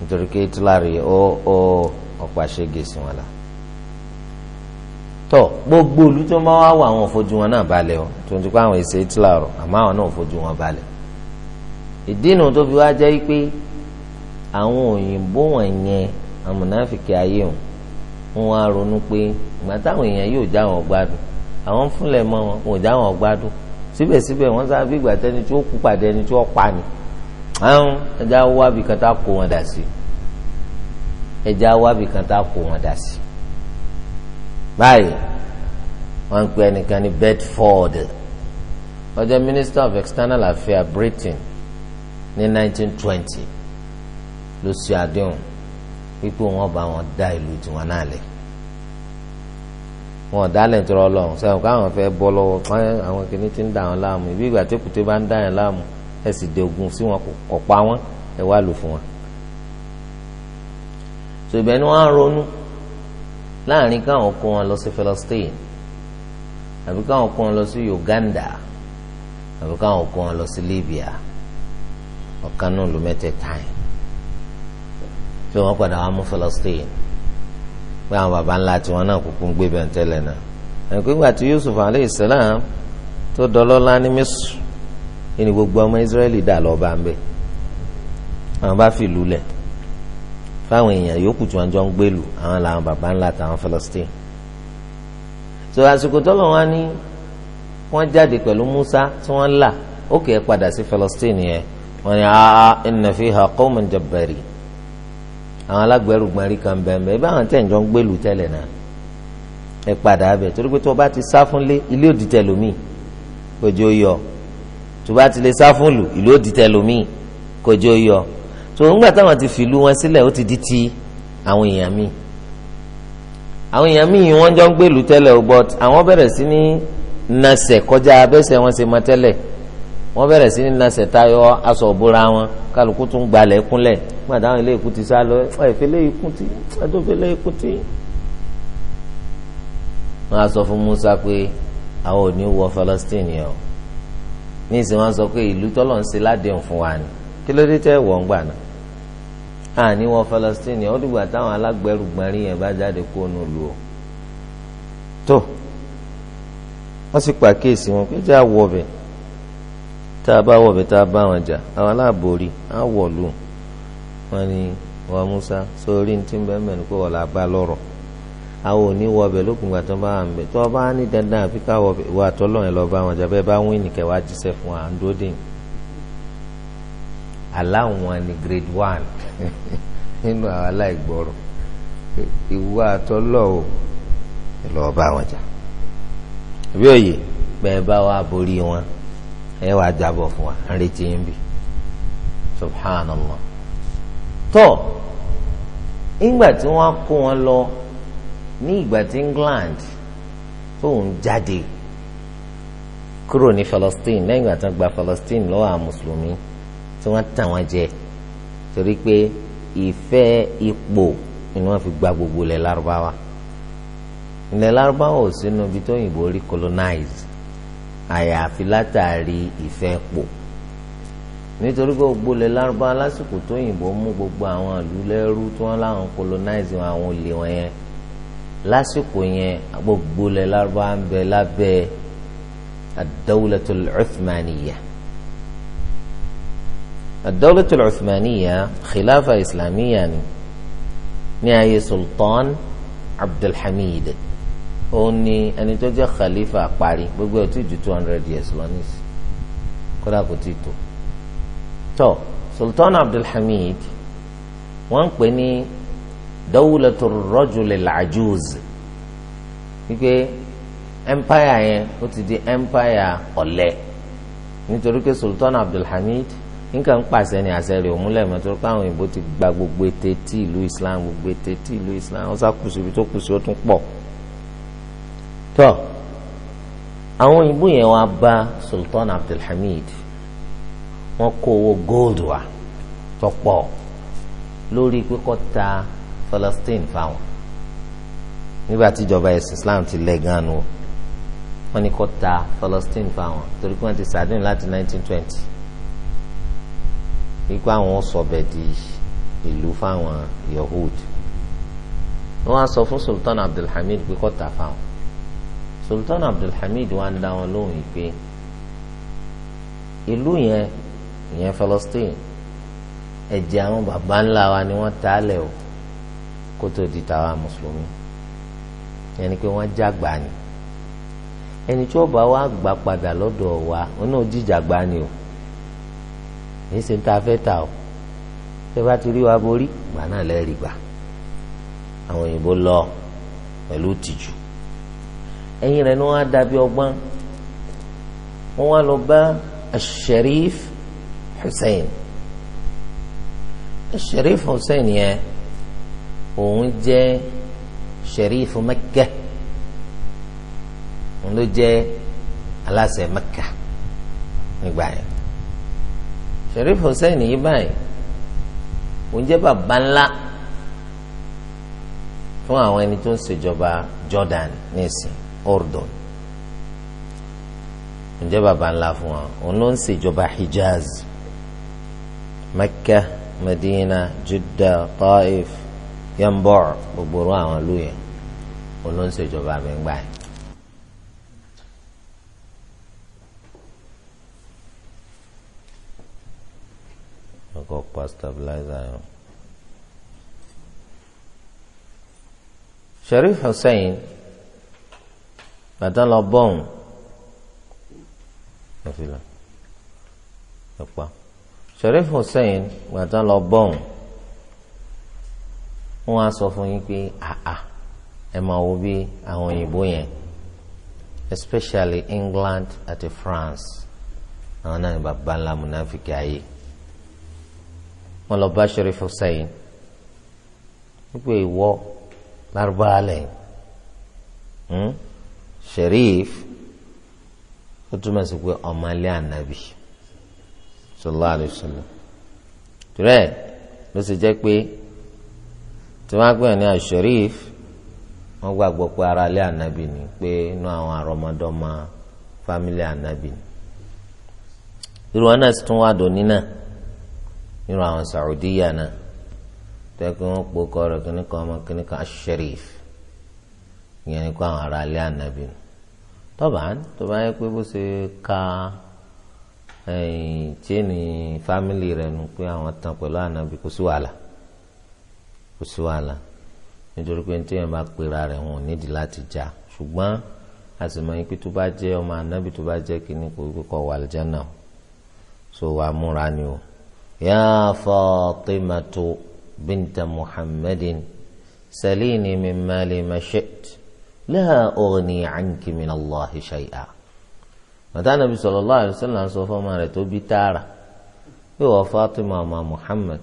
nítorí pé tíláàrí ó ó ọ̀pọ̀ àṣegè sí wọn la tọ gbogbo olú tó máa wá wọ àwọn òfojú wọn náà balẹ̀ o tó ń ti kó àwọn èsè tíláàrọ̀ àmọ́ àwọn náà òfojú wọn balẹ̀ ìdí nu tó fi wá jẹ́ pé àwọn òyìnbó wọ̀nyẹn amúnáfìkì ayé wọn wọn á ronú pé ìgbà táwọn èèyàn yóò já wọn gbádùn àwọn fúnlẹ̀ mọ́ wọn wọn ò já wọn gbádùn síbẹ̀síbẹ̀ wọ́n sábà bí ìgbà tẹni tí ó kú pàdé ẹni tí ó pa ni àwọn ẹja wábì kan tá a kó wọn dà sí ẹja wábì kan tá a kó wọn dà sí báyìí wọ́n ń pè ẹnìkan ní Bedford ó jẹ́ minister of external affairs Britain ní 1920 ló ṣe àdéhùn pípé wọ́n bá wọn dá ìlú tiwọn náà lẹ̀ wọn ò dálẹ̀ nítorí Ọlọ́run sẹ́wọ̀n káwọn fẹ́ bọ́ lọ́wọ́ àwọn kìnnìún ti ń dà wọn láàmú ìbí ìgbà tí kùtẹ́ bá ń dà yẹn láàmú ẹ sì de ogun sí wọn kò pa wọn ẹ wá lò fún wọn. tó ibẹ̀ ni wọ́n á ronú láàrin káwọn kó wọn lọ sí Palestine àbí káwọn kó wọn lọ sí Uganda àbí káwọn kó wọn lọ sí Libya ọ̀kan náà ló mẹ́tẹ̀ẹ̀ta yìí tí wọ́n padà wá mú Palestine pé àwọn baba ńlá tiwọn náà kúkú ń gbé bẹ̀ntẹ́lẹ̀ náà ẹ̀kú ìgbà tí Yusuf alayhi salam tó dọlọ́lá ní Misr ni gbogbo ọmọ Israẹli dà lọ bá ń bẹ àwọn bá fìlú lẹ̀ fáwọn èèyàn yòókù tí wọ́n jọ ń gbèlú àwọn làwọn baba ńlá tàwọn Palestine so àsìkò tó lọ wọ́n ní wọ́n jáde pẹ̀lú Musa tí wọ́n là ó kẹ́ padà sí Palestine yẹn wọ́n ní aa inna fiha qawman jabbari àwọn alágbẹ̀rù gbẹ̀rì kan bẹ̀ẹ̀mẹ̀ ibà àwọn tẹ̀ ń jọ ń gbèlú tẹ́lẹ̀ náà ẹ padà bẹ̀ torí pé tó o bá ti sá fúnlé ilé òdìtẹ̀ lómi òjò yọ tó bá ti lè sá fún lù ìlú ó di tẹlómi kọjọ yọ tó ńgbà táwọn ti fìlú wọn sílẹ̀ ó ti di ti àwọn èèyàn míì àwọn èèyàn míì wọ́n jọ ń gbèlú tẹ́lẹ̀ o but àwọn bẹ̀rẹ̀ sí ní nasẹ̀ kọjá abẹ́sẹ̀ wọn ṣe mọ tẹ́lẹ̀ wọ́n bẹ̀rẹ̀ sí ní nasẹ̀ tayọ aṣọ òbúra wọn kálukú tún gbalẹ̀ kúnlẹ̀ nígbà táwọn ilé ikú ti sá lọ ẹ̀fẹ́lẹ́ ikú ti ẹ̀dọ́fẹ́lẹ́ ikú ti. wọ́n á sọ fún Musa pé àwọn ò ní wọ Palestine yẹn o ní ìsìn wọn sọ pé ìlú tọ́lọ̀ ń ṣe ládéhùn fún wa ni kí ló dé tẹ́ wọ̀ ń gbà náà àní wọn Palestine ó dìgbà táwọn alágbẹrùgbọ̀nrín yẹn bá jáde kó nu lù ó tó wọ́n sì pàkíyèsí wọn pé jẹ́ àwọ̀bẹ̀ tá a bá wọ̀bẹ̀ tá a bá wọn jà àwọn aláàbòrí á wọ̀ lù wọ́n ní wọn Musa sórí ní tí ń bẹ́ẹ̀ mẹ́rin kó wọ́n là bá lọ́rọ̀ àwọn òní wọbẹ̀ lókun gbà tó bá wà nbẹ tó bá ní dandan àfi ká wọbẹ̀ wà tọ́lọ́ yẹn lọ bá wọn jà bẹ́ẹ̀ bá wọ́n ìnìkẹ́ wá jíṣẹ́ fún wa ń dó dé aláwọn ni grade one nínú àwọn aláìgbọ́rọ̀ ìwọ àtọ́lọ́ ò lọ bá wọn jà bí òye bẹ́ẹ̀ bá wà borí wọn ẹ wàá jábọ̀ fún wa ń yín bì subhanallah tó ìgbà tí wọ́n kó wọn lọ ní ìgbà tí England tóun jáde kúrò ní Palestine lẹ́yìn ìgbà tí wọ́n gba Palestine lọ́wọ́ àwọn mùsùlùmí tí wọ́n tà wọ́n jẹ torí pé ìfẹ́ ipò ni wọ́n fi gba gbogbo ilẹ̀ lárúbáwá ilẹ̀ lárúbáwá ò sínú ibi tó yìnbó rí colonize àyàfi látàrí ìfẹ́ pò nítorí gbogbo ilẹ̀ lárúbáwá lásìkò tó yìnbó mú gbogbo àwọn ìlú lẹ́rú tí wọ́n láwọn colonize àwọn olè wọn lásìkò yẹn gbogbo lẹ̀ lárúbáwá ń bẹ lábẹ́ ad-dawlatul uthmaniyya ad-dawlatul uthmaniyya khilafa islamiyya ni ní ayé sultan abdulhamid òun ni ẹni tó jẹ́ khalifa parí gbogbo ẹ̀ tó ju two hundred years lọ nísì kódà kò tí tó tọ́ sultan abdulhamid wọ́n pè ní dawulatu rọjòlè làjúùzì wípé empire yẹn ó ti di empire ọ̀lẹ nítorí pé sultan abdulhamid nǹkan ń pàṣẹ ní àṣẹ rẹ̀ òmúlẹ̀ mọ́tòrò pé àwọn òyìnbó ti gba gbogbo ète tí ìlú islam gbogbo ète tí ìlú islam ó sá kùsù ibi tó kùsù ó tún pọ̀ tọ́ àwọn òyìnbó yẹn wá bá sultan abdulhamid wọ́n kó owó gold wa tó pọ̀ lórí pé ta Palestine fáwọn nígbà tí ìjọba ẹ̀sìn Islam ti lẹ̀ gan nu wọ́n ní kó ta Palestine fáwọn torí pé ti sàdún láti 1920 wípé àwọn sọ̀bẹ̀ di ìlú fáwọn Yahud wọ́n á sọ fún Sultan Abdulhamid pé kó ta fáwọn Sultan Abdulhamid wá ń dá wọn lóhùn yìí pé ìlú yẹn ìyẹn Palestine ẹ̀jẹ̀ àwọn baba ńlá wa ni wọ́n ta á lẹ̀ o kó tó di tàwa mùsùlùmí yẹn ni pé wọ́n jágbá ni ẹni tí ó bá wá gbà padà lọ́dọ̀ wa òun náà jìjàgbá ni o èyí ṣe ń ta fẹ́ ta o tẹ bá ti rí wa borí gbà náà lẹ́rìí gbà àwọn òyìnbó lọ pẹ̀lú tìjú ẹ̀yìn rẹ̀ ni wọ́n á dàbí ọgbọ́n wọ́n wá lọ bá Sharif Hussein Sharif Hussein yẹn òun jẹ́ sherifu mẹ́kà òun ló jẹ́ aláṣẹ mẹ́kà nígbà yẹn sherifu hussein yìí báyìí òun jẹ́ bàbá ńlá fún àwọn ẹni tó ń ṣèjọba jordan nísìn ordon òun jẹ́ bàbá ńlá fún wọn òun ló ń ṣèjọba hijaz mẹ́kà medina juda taif yambor gbogbo ru àwọn ìlú yẹn olóńṣèjọba mi ń gbà yìí. ọkọ̀ pa stabilizer yẹn. Sharif Hussein bàtà lọ bọ́ọ̀n ọ̀fìlà ọ̀pá Sharif Hussein bàtà lọ bọ́ọ̀n wọ́n á sọ fún yín pé àà ẹ máa wo bí àwọn òyìnbó yẹn especially England àti France àwọn náà ní bàbá ńlá múnáfíkì ayé wọ́n lọ bá Sharif Hussein wípé ìwọ lárúbáwá lẹ́yìn hmm? ó túmọ̀ sí pé ọmọ ànábì sallallahu alaihi wasallam tìrẹ̀ ló sì jẹ́ pé. tí wọ́n á gbìyànjú ní àṣẹríf wọ́n gbàgbọ́ pé ara ilé ànábì ni pé inú àwọn àrọmọdọ́mọ fámílì ànábì ni irú wọn náà sì tún wá dòní náà àwọn sàrùdíyà náà wọn kpó kíní kan ọmọ kíní kan ìyẹn ni kó àwọn ara ni yẹ pé bó ṣe ka tí kò sí wàhálà nítorí pé nítorí yẹn bá pera rẹ̀ wọn ò nídìí láti jà ṣùgbọ́n àtìmọ́ yín pé tó bá jẹ́ ọmọ anábì tó bá jẹ́ kínní kò wípé kọ́ wà lìjánà o so wàá múra ni o. ya Fatimatu binta Muhammadin salini min mali ma shi't la ughni anki min màtá nàbì sallallahu alaihi wasallam sọ fún rẹ̀ tó bí tààrà pé wọ́n Fatima ọmọ Muhammad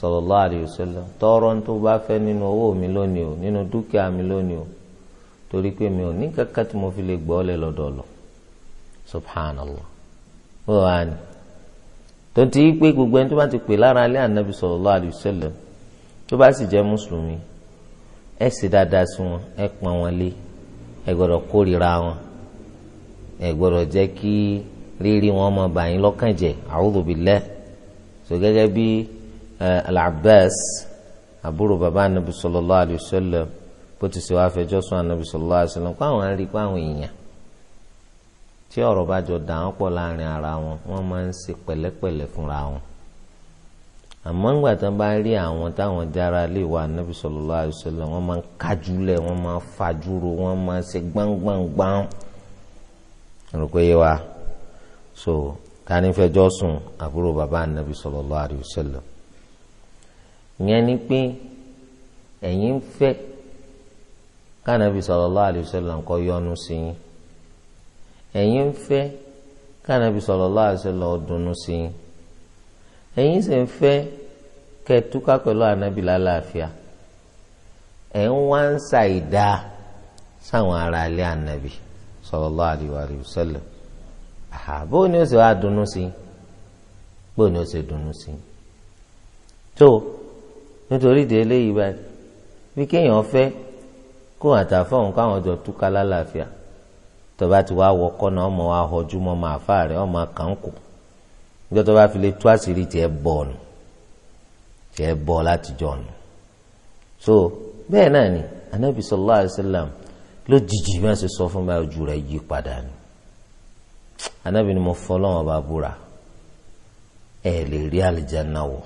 sallallahu alaihi wasallam tọrọ tó bá fẹ́ nínú owó mi lónìí o nínú dúkìá mi lónìí o torí pé mi ò ní kankan tí mo fi lè gbọ́ lẹ lọ́dọọlọ subhanallah ó wà ní tó ti yí pé gbogbo ẹni tó bá ti pè lára alẹ́ ànábi sallallahu alaihi tó bá sì jẹ́ mùsùlùmí ẹ sì dáadáa sí wọn ẹ pọ́n wọn lé ẹ gbọ́dọ̀ kórìíra wọn ẹ gbọ́dọ̀ jẹ́ kí rírí wọn má bà yín lọ́kàn jẹ́ a'udhu billah so gẹ́gẹ́ bíi العباس أبو àbúrò النبي صلى الله عليه وسلم sallam bó ti ṣe wá fẹjọ́ sùn anabi sallallahu alayhi wa sallam kó àwọn arí kó àwọn èèyàn tí ọ̀rọ̀ bá jọ dà wọ́n pọ̀ láàrin ara wọn wọ́n máa ń ṣe pẹ̀lẹ́pẹ̀lẹ́ fúnra wọn àmọ́ ńgbà tán bá rí àwọn táwọn jára lè wà anabi sallallahu alayhi wa sallam wọ́n máa ń kájúlẹ̀ wọ́n máa ń fajúro wọ́n máa ń ṣe gbáǹgbáǹgbáǹ rò pé yé wa so tani fẹjọ́ sùn àbúrò bàbá anabi sallallahu alayhi wa sallam ìyẹn ni pé ẹ̀yin ń fẹ́ kánàbì sallallahu alaihi wasallam kó yọ́nú sí yín ẹ̀yin ń fẹ́ kánàbì sallallahu alaihi wasallam ó dùnnú sí yín ẹ̀yin sì ń fẹ́ kẹtùkà pẹ̀lú ànábì lálàáfíà ẹ̀ ń wá ń sa ìdá sáwọn ará ilé ànábì sallallahu alaihi wasallam àbó ni ó sì wá dùnnú sí bó ni ó sì dùnnú sí tó nítorí ìdí eléyìí báyìí bí kéèyàn fẹ́ kó àtàfọ́ òun káwọn jọ túká lálàáfíà tọba ti wá wọkọ náà ọmọ wa họjú mọ ọmọ àfa rẹ ọmọ kankù níjọ tọba fi lè tú àṣírí tiẹ̀ bọ ọnù tiẹ̀ bọ láti jọ ọnù so bẹ́ẹ̀ náà ni anabi sallallahu alayhi wa sallam lójijì bí wọn ṣe sọ fún báyìí ojú rẹ yí padà ni anabi ni mo fọlọ́wọ́n bá búra ẹ lè rí àlìjáná wọ̀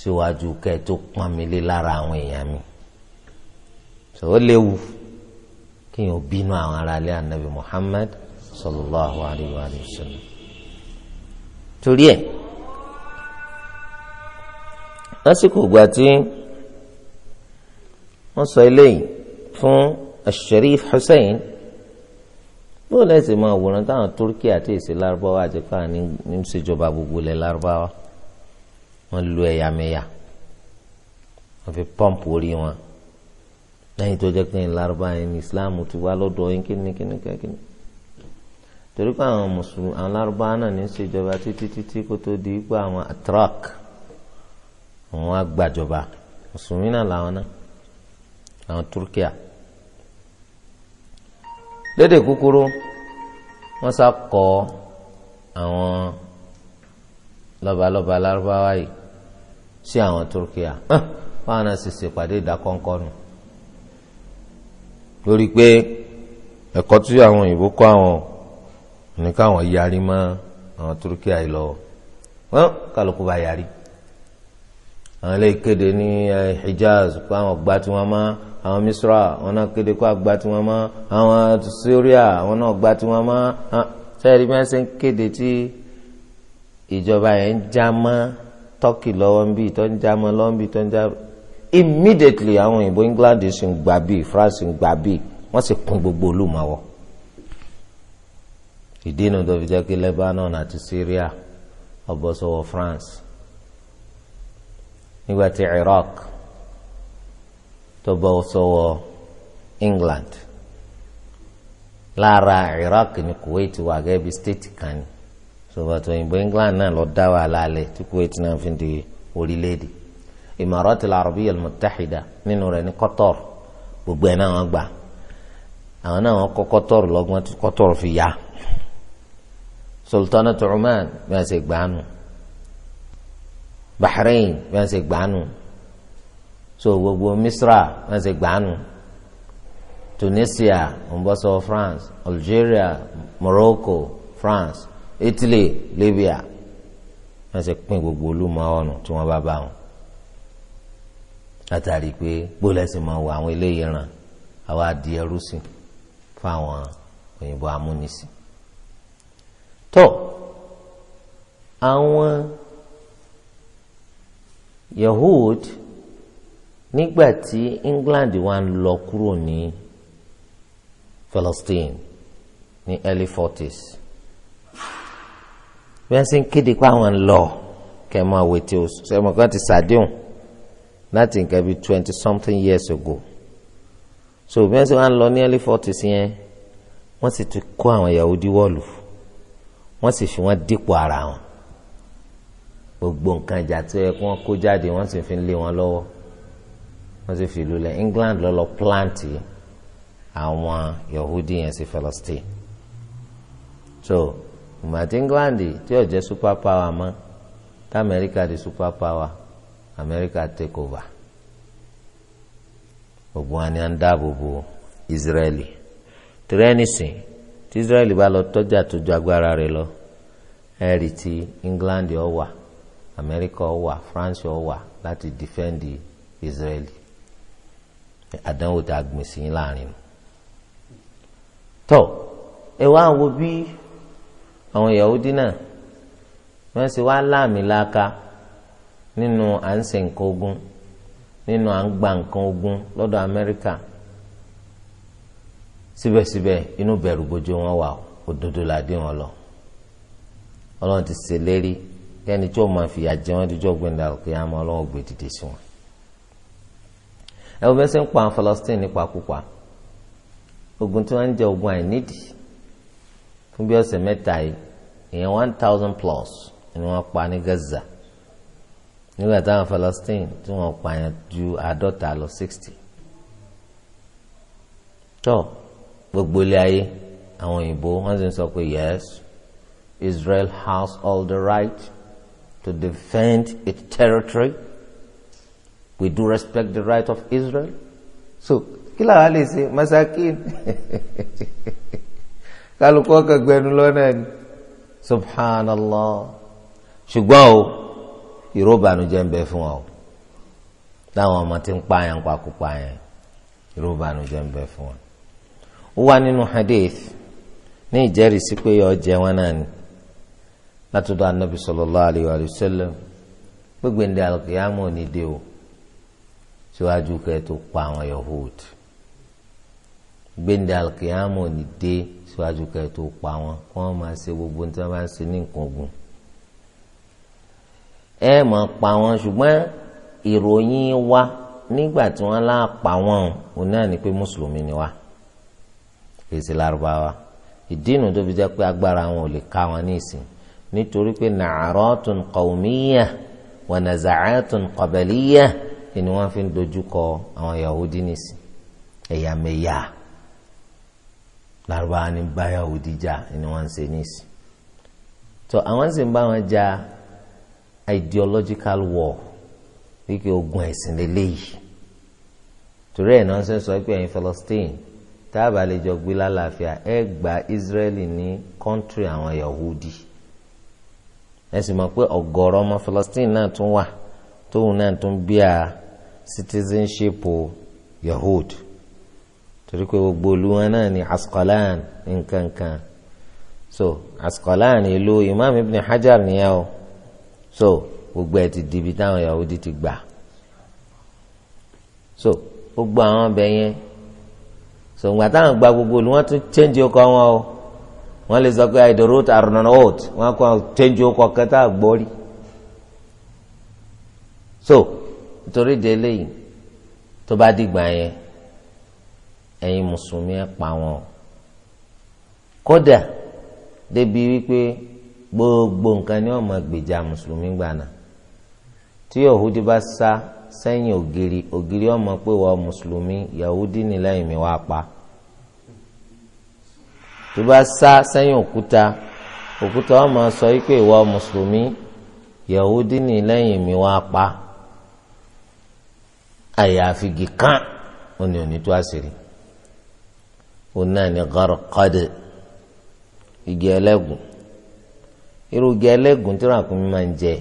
síwájú kẹ́ ẹ tó pọ́n mi lé lára àwọn èèyàn mi sọ ó léwu kéèyàn bínú àwọn ará ilé anabi Muhammad sallallahu alayhi wa sallam torí ẹ̀ lásìkò ìgbà tí wọ́n sọ eléyìí fún Sharif Hussein bóòlù ẹ̀sìn máa wòran táwọn Turkey àti èsì lárúbáwá àti fáwọn ní ń ṣèjọba gbogbo ilẹ̀ lárúbáwá wọ́n lu ẹ̀yàmẹ̀yà wọ́n fi pọ́ǹpù orí wọn lẹ́yìn tó jẹ́ pé ìlarúbá yẹn ní islam ti wá lọ́dọ̀ yín kíni kíni kíni torí pé àwọn mùsùlùmí àwọn lárúbá náà ní ṣèjọba títí títí kó tó di pé àwọn atrak àwọn agbàjọba mùsùlùmí náà làwọn náà àwọn turkiya lédè kúkúrú wọ́n sá kọ́ àwọn lọ́balọ́ba lárúbáwá yìí sí àwọn turkiya báwọn náà sì ṣèpàdé ìdákọ́ńkọ́nù lórí pé ẹ̀kọ́ tí àwọn òyìnbó kọ́ àwọn ní káwọn yarí mọ́ àwọn turkiya yìí lọ wọ́n kálukú bá yarí àwọn ilé ìkéde ní Hijaz pé àwọn gbá tí wọ́n máa àwọn Misra àwọn náà kéde kó àgbá tí wọ́n máa àwọn Syria àwọn náà gbá tí wọ́n máa sẹ́yìn bí wọ́n ṣe ń kéde tí ìjọba yẹn já máa turkey lọ́wọ́ ń bí tó ń jámọ́ lọ́wọ́ ń bí tó ń jámọ́ immediately àwọn òyìnbó england sì ń gbà bíi france ń gbà bíi wọ́n sì kún gbogbo olùmọ̀wọ́ ìdí inú tó fi jẹ́ pé lebanon àti syria ọbọ̀ sọ́wọ́ france nígbà tí iraq tó bọ́ sọ́wọ́ england lára iraq ní kuwait wà gẹ́gẹ́ bí state kan ni sọ̀bàtò òyìnbó England náà lọ dá wàhálà alẹ́ tí Kuwait náà fi di orílẹ̀-èdè Imarati al-Arabiya al-Muttahida nínú rẹ̀ ní Qatar gbogbo ẹ̀ náà wọ́n gbà àwọn náà wọ́n kọ́ Qatar lọ́gbọ́n tí Qatar fi yá Sultanate Oman bí wọ́n ṣe gbàánu Bahrain bí wọ́n ṣe gbàánu so gbogbo Misra bí wọ́n ṣe gbàánu Tunisia ń bọ́ France Algeria Morocco France. Italy Libya wọ́n sì pín gbogbo olúmọ ọ̀nà tí wọ́n bá bá wọn látàrí pé gbólẹ́sì máa wọ àwọn eléyìí ràn àwa di ẹrú fáwọn òyìnbó amúnisìn tó àwọn Yahud nígbà tí England wá ń lọ kúrò ní Palestine ní early forties bí wọ́n ṣe ń kéde pé àwọn ń lọ kẹ́ ẹ máa wètí o sẹ́wọ̀n kan ti ṣàdéhùn láti nǹkan bíi twenty something years ago so bí wọ́n ṣe wá ń lọ ní early forties yẹn wọ́n sì ti kó àwọn Yahudi wọ́ọ̀lù wọ́n sì fi wọ́n dípò ara wọn gbogbo nǹkan ìjà tó yẹ kí wọ́n kó jáde wọ́n sì fi ń lé wọn lọ́wọ́ wọ́n sì fi ìlú lẹ̀ England lọ́lọ́ plant àwọn Yahudi yẹn sí Palestine so ìgbà tí England tí jẹ́ super power mọ́ tá Amẹ́ríkà di super power Amẹ́ríkà take over gbogbo wa ni à ń dáàbò bo Israeli tìrẹ́nìsì tí Israeli bá lọ tọ́jà tó ju agbára rẹ̀ lọ ẹ̀rì tí England ó wà Amẹ́ríkà ó wà France ó wà láti defend Israeli àdánwò tá a gbìn sí láàrin tó ẹ wá wo bí àwọn Yahudi náà wọ́n sì wá láàmì láaka nínú à ń ṣe nǹkan ogun nínú à ń gba nǹkan ogun lọ́dọ̀ Amẹ́ríkà síbẹ̀síbẹ̀ inú bẹ̀rù bojo wọn wà òdodo la dé wọn lọ Ọlọ́run ti ṣèlérí kẹ́ni tí ó máa fìyà jẹ wọn díjọ́ gbẹ̀ndà òkè àmọ́ Ọlọ́run gbé dìde sí wọn. ẹ wọ́n fẹ́ sẹ́ ń pa Falastin nípa púpà ogun tí wọ́n ń jẹ ogun àìnídìí fún bí ọ̀sẹ̀ mẹ́ta yìí èèyàn one thousand plus ni wọ́n pa ní Gaza nígbà táwọn Palestine tí wọ́n pààyàn ju àádọ́ta lọ sixty tó gbogbo ilé ayé àwọn òyìnbó wọ́n sì ń sọ pé yes Israel has all the right to defend its territory we do respect the right of Israel so kí làwọn lè ṣe masakin kálukú ọkàn gbẹnu lọ́nà ni subhanallah ṣùgbọ́n o ìró ìbànújẹ́ ń bẹ fún ọ táwọn ọmọ tí ń pààyàn pàkópa yẹn ìró ìbànújẹ́ ń bẹ fún ọ. ó wà nínú hadith ní ìjẹ́rìísí pé yọ jẹ wọn náà ni látọ̀dọ̀ anabi sallallahu alayhi wa sallam gbogbo ndé alùkìyàmù ní dé o síwájú kẹ́ẹ̀ pa àwọn yahood gbogbo ndé alùkìyàmù ní dé o síwájú kẹ́ ẹ tó pa wọn kí wọ́n máa ṣe gbogbo tí wọ́n bá ń ṣe ní nǹkan ogun ẹ máa pa wọn ṣùgbọ́n ìròyìn wa nígbà tí wọ́n lá pa wọn òun náà ni pé mùsùlùmí ni wá èsì lárúbáwá ìdínú tó fi jẹ́ pé agbára wọn ò lè ká wọn ní ìsìn nítorí pé nàárọ̀tún qawmiyya wa naza'atun qabaliyya ni wọ́n fi ń dojúkọ àwọn Yahudi ní ẹ̀yàmẹ̀yà. E lárúbáwá ní báyàwó díjà ni wọ́n ń ṣe níìsín tó àwọn sì ń bá wọn ja ideological war wíkẹ ogun ẹ̀sìn lélẹ́yìí torí ẹ̀ náà ń sọ pé ẹ̀yin Palestine táàbà lè jọ gbé lálàáfíà ẹ gba israeli ní kọ́ńtírì àwọn yahudi ẹ sì mọ̀ pé ọ̀gọ̀rọ̀ ọmọ philistine náà tún wà tóun náà tún bíà citizenship yahudi torí pé gbogbo olú wọn náà ní Asqalan nkankan so Asqalan ìlú Imam Ibn Hajar nìyẹn o so gbogbo ẹ ti dìbì táwọn Yahudi ti gbà so gbogbo àwọn ọbẹ yẹn so ńgbà táwọn gba gbogbo olú wọn tún change ọkọ wọn o wọn lè sọ pé àìdòrò àrùnàwòt wọn kọ change ọkọ kẹta gbọrí so nítorí délé yìí tó bá dìgbà yẹn ẹ̀yin mùsùlùmí ẹ pa wọn kódà débi wípé gbogbo nǹkan ni wọn máa gbèjà mùsùlùmí gbà náà tí yahudi bá sá sẹ́yìn ògiri ògiri ọmọ pé wọ́n mùsùlùmí yahudi ní lẹ́yìn mi wá pa tó bá sá sẹ́yìn òkúta òkúta ọmọ sọ wípé wọ́n mùsùlùmí yahudi ní lẹ́yìn mi wá pa àyàfi gìkan òní òní tó àṣírí. òun náà igi ẹlẹ́gùn irú igi ẹlẹ́gùn tí ràkúnmí máa ń jẹ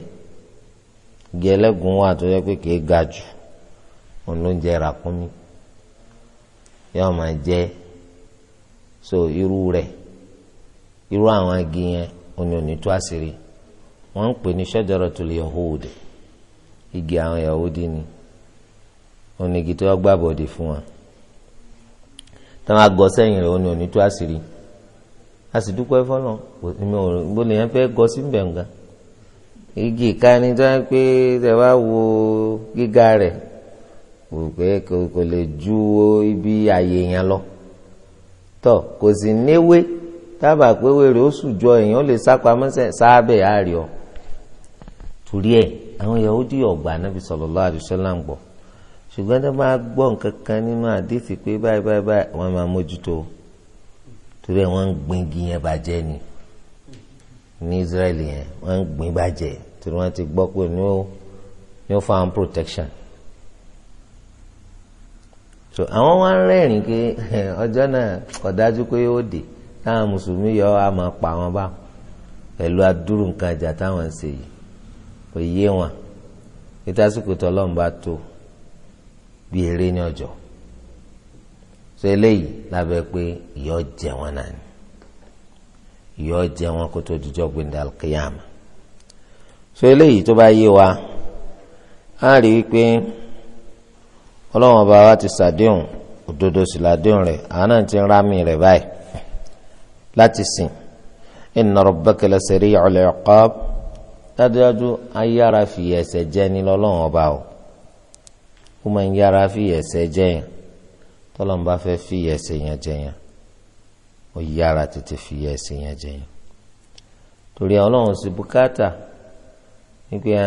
igi ẹlẹ́gùn wà tó yẹ pé kìí ga jù òun ló ń jẹ ràkúnmí yóò máa jẹ so irú rẹ̀ irú àwọn igi yẹn òní òní tó àṣírí wọ́n ń pè ní shajaratul yahudi igi àwọn di ni òní igi tó gbàbọ̀dì fún wọn. tó máa gọ sẹ́yìn rẹ̀ ó ní òní tó àṣírí a sì dúpẹ́ fọ́nà bó lè yẹn fẹ́ gọ sí bẹ̀ǹgà igi ìkànnì tó yẹ pé tẹ wá wo gíga rẹ̀ kò pé kò lè ju ibi àyè yẹn lọ tọ kò sì níwé tábà pé wèrè ó sùjọ èèyàn lè sápamọ́ sábẹ́ àárẹ̀ ọ torí ẹ̀ àwọn Yahudi ọ̀gbà Ànábì sallallahu alaihi wasallam ń ṣùgbọ́n tó bá gbọ́ nǹkan kan nínú àdéhìí pé báyìí báyìí báyìí wọ́n máa mójútó torí ẹ̀ wọ́n ń gbin igi yẹn bàjẹ́ ni ní Israel yẹn wọ́n ń gbin bàjẹ́ torí wọ́n ti gbọ́ pé no no farm protection so àwọn wá ń rẹ́rìn pé ọjọ́ náà kò dájú pé ó dé táwọn mùsùlùmí yọ á máa pa wọn bá pẹ̀lú adúrú nǹkan ìjà táwọn ń ṣe yìí kò yé wọn ìtàsíkò tọ́lọ́mùbá tó bí eré ní ọjọ́ so eléyìí lábẹ́ pé ìyọ́ jẹ wọn náà ni ìyọ́ jẹ wọn kó tó dijọ́ gbendal kíyàmà so eléyìí tó bá yé wa á rí wípé ọlọ́run ọba wa ti ṣàdéhùn òdodo sì làdéhùn rẹ̀ àwọn ti ń rámì rẹ̀ báyìí láti sìn inna rabbaka la sari'ul iqab dájúdájú ayára fìyà ẹ̀ṣẹ̀ jẹ ní lọ́lọ́run ọba o ó máa ń yára fìyẹ̀sẹ̀ jẹyàn tọ́lọ́n bá fẹ́ fìyẹ̀sẹ̀ yẹn jẹyàn ó yára tètè fìyẹ̀sẹ̀ yẹn jẹyàn torí ọlọ́run sì bùkátà nígbà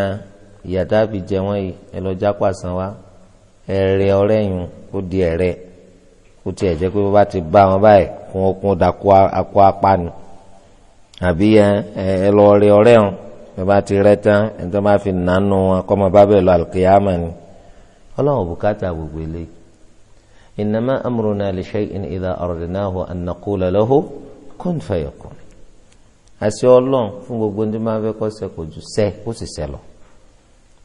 ìyàtá fi jẹ wọ́n yìí ẹ lọ jápà san wá ẹ̀rẹ̀ ọ̀rẹ́ yìí ó di ẹ̀rẹ́ kó tiẹ̀ jẹ́ pé bá ti bá wọn báyìí kún okun dàkú akọ apánu àbí ẹ lọ rẹ ọ̀rẹ́ wọn bá ti rẹ tán ẹ̀ tó bá fi nànú wọn kọ́ mọ bá bẹ̀ lọ àlùkìyàmọ̀ ni ọlọ́run bùkátà gbogbo eléyìí innama amruna li shay'in idha aradnahu an naqula lahu kun fayakun àṣẹ ọlọ́run fún gbogbo ndí máa fẹ́ kọ́ sẹ́ kò ju sẹ́ kó sì sẹ́ lọ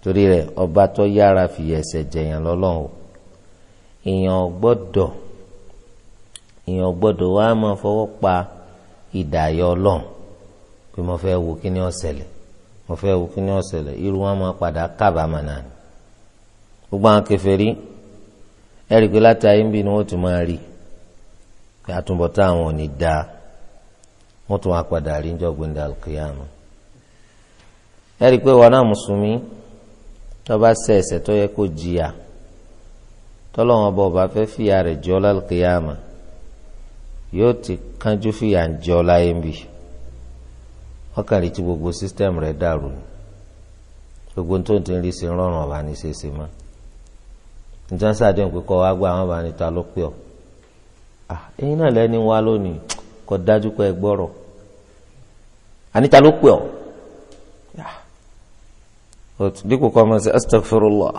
torí rẹ̀ ọba tó yára fìyà ẹsẹ̀ jẹ̀yàn lọ́lọ́run o èèyàn gbọ́dọ̀ èèyàn gbọ́dọ̀ wá máa fọwọ́ pa ìdààyè ọlọ́run pé mo fẹ́ wo kí ni ó mo fẹ́ wo kí ni ó irú wọn máa padà kábàámà náà ni gbogbo àwọn kèfèrí ẹ̀rí pé látàrí ń bí ni wọ́n tún máa rí kí àtúbọ̀tán àwọn ò ní dáa wọ́n tún wá padà rí níjọ́ gbẹ̀ndà kìyàmù ẹ̀rí pé wọn náà mùsùlùmí tó bá ṣẹ̀ ẹ̀ṣẹ̀ tó yẹ kó jìyà tọ́lọ́wọ́n bọ̀ bá fẹ́ fìyà rẹ̀ jọ́ lálùkìyàmù yóò ti kánjú fìyà ń jọ láyé ń bì ọkàn rí tí gbogbo sísítẹ́ẹ̀mù rẹ̀ dàrú gbogbo tó ń ti rí sí rọrùn ọ̀bà ní ṣeéṣe máa. nítorí sàdé ń pè wá gba àwọn ah ta ló pè ọ́ ẹ̀yin náà lẹ́ni wá lónìí kọ́ dájú pé ẹ gbọ́rọ̀ àníta ló pè ọ́ dípò kọ́ ọmọ sí astagfirullah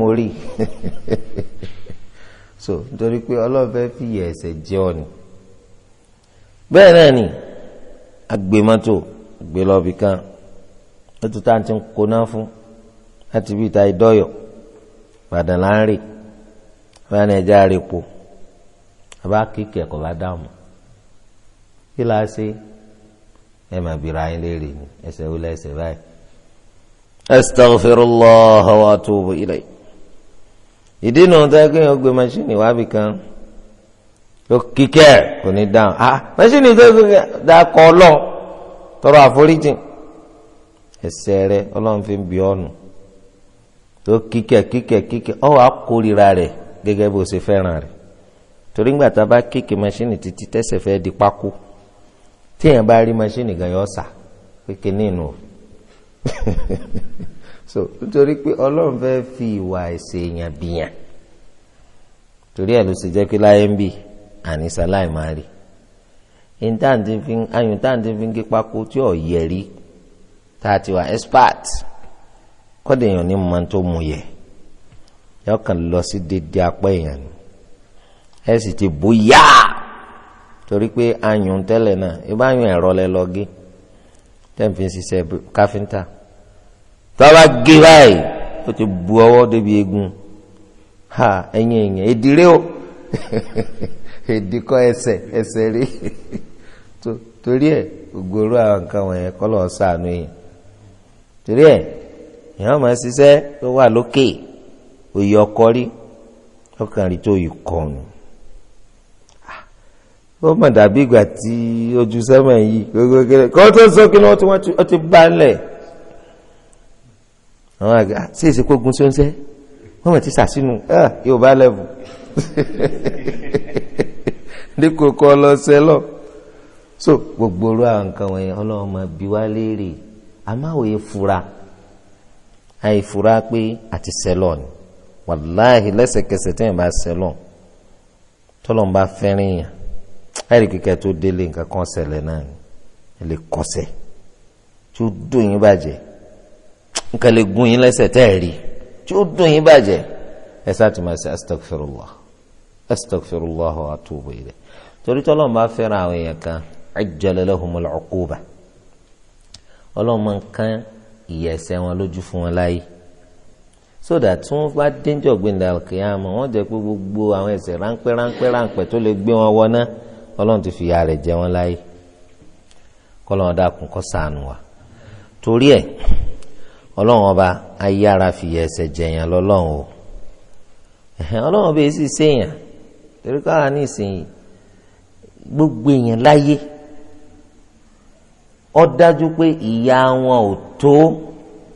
mo so nítorí pé ọlọ́run fẹ́ jẹ́ ọ ni bẹ́ẹ̀ ni gbé otu bì kan ó tún tá à ń ti koná fún láti bí ìta ìdọ́yọ̀ Ìbàdàn là ń rè ẹja rè po àbá kíkẹ́ kọ̀ bá dáhùn kí la ṣe ẹ bìrà yín léèrè ni ẹsẹ̀ wọlé ẹsẹ̀ báyìí. astaghfirullah wa atubu ìdí nu kí gbé machine wá kan kò ní dáhùn ah tọrọ àforíjì ẹ̀ṣẹ̀ rẹ̀ Ọlọ́run fi ń bi ọnu tó kíkẹ kíkẹ kíkẹ ọ wàá kórìíra rẹ̀ gẹ́gẹ́ bó ṣe fẹ́ràn rẹ̀ torí ńgbà tá a bá kíkì mẹṣíìnì títí tẹsẹ̀ fẹ́ di pákó téèyàn bá rí mẹṣíìnì gan yọ sà kékeré nínú o so nítorí pé Ọlọ́run fẹ́ fi ìwà ẹ̀ṣẹ̀ èèyàn bìyàn torí ẹ̀ ló ṣe jẹ́ pé láyé ń bì àníṣà láì máa rí intanti fi ayùn tanti fi ń ké pákó tí ò yẹ ti expert èèyàn tó mu yẹ yọ kàn lọ sí dédé apá èèyàn ni ẹ sì ti bó yá torí pé ayùn tẹ́lẹ̀ náà ibà ayùn ẹ̀rọ lẹ lọ gé tẹ́ǹfì ṣiṣẹ́ káfíńtà ti bu ọwọ́ débi egun ha ẹ̀yìn ẹ̀yìn o èdìkọ́ ẹsẹ̀ ẹsẹ̀ rí. torí ẹ gbogbo àwọn nǹkan wọ̀nyẹn kọ́ lọ́ọ́ sànú yìí torí ẹ èèyàn máa ṣiṣẹ́ tó wà lókè òye ọkọ rí ọkàn rí tó yìí kọ̀ọ̀nù ah, ó mọ̀ dàbí ìgbà tí ojú sẹ́mọ̀ yìí gbogbogbò kọ́ tó sọ kí lọ́wọ́ tí wọ́n ti bá ń lẹ̀ àwọn àgbà sí èsì kó gun sóńsẹ́ wọ́n mọ̀ ti sàṣínú ah, yóò bá lẹ́bù dípò kọ́ lọ́sẹ̀ lọ́ọ́ so gbogbo orú àwọn nǹkan wọ̀nyí ọlọ́run máa bi wá léèrè àmáwòye fura àìfura pé àti sẹlọ ni wàláhì lẹ́sẹ̀kẹsẹ̀ tẹ́yìn bá sẹlọ tọ́lọ́n bá fẹ́ràn yàn láì kíkẹ́ tó délé nǹkan kan ṣẹlẹ̀ náà ni ẹ lè kọsẹ̀ tí ó dùn yín bàjẹ́ nǹkan lè gún yín lẹ́sẹ̀ tẹ́ ẹ̀ rí tí ó dùn yín bàjẹ́ ẹ sáà tún máa ṣe astagfirullah astagfirullah wa atubu ilayh torí tọ́lọ́n bá fẹ́ràn àwọn èèyàn kan ajjala lahumul uquba ọlọ́run máa ń kán ìyà ẹ̀ṣẹ̀ wọn lójú fún wọn láyé sódà tí wọ́n bá dénjọ́ gbẹ̀ndà kìyàmọ̀ wọ́n jẹ́ pé gbogbo àwọn ẹ̀ṣẹ̀ ráńpẹ́ ráńpẹ́ ráńpẹ́ tó lè gbé wọn wọná ọlọ́run ti fìyà rẹ̀ jẹ wọn láyé kọ́lọ́run dákun kó ṣàánú wa torí ẹ̀ ọlọ́run ọba ayára fìyà ẹ̀ṣẹ̀ jẹ̀yàn lọ́lọ́run o ọlọ́run bẹ́ẹ̀ sì séèyàn torí káwa ní ìsìn gbogbo èèyàn láyé ó dájú pé ìyà wọn ò tó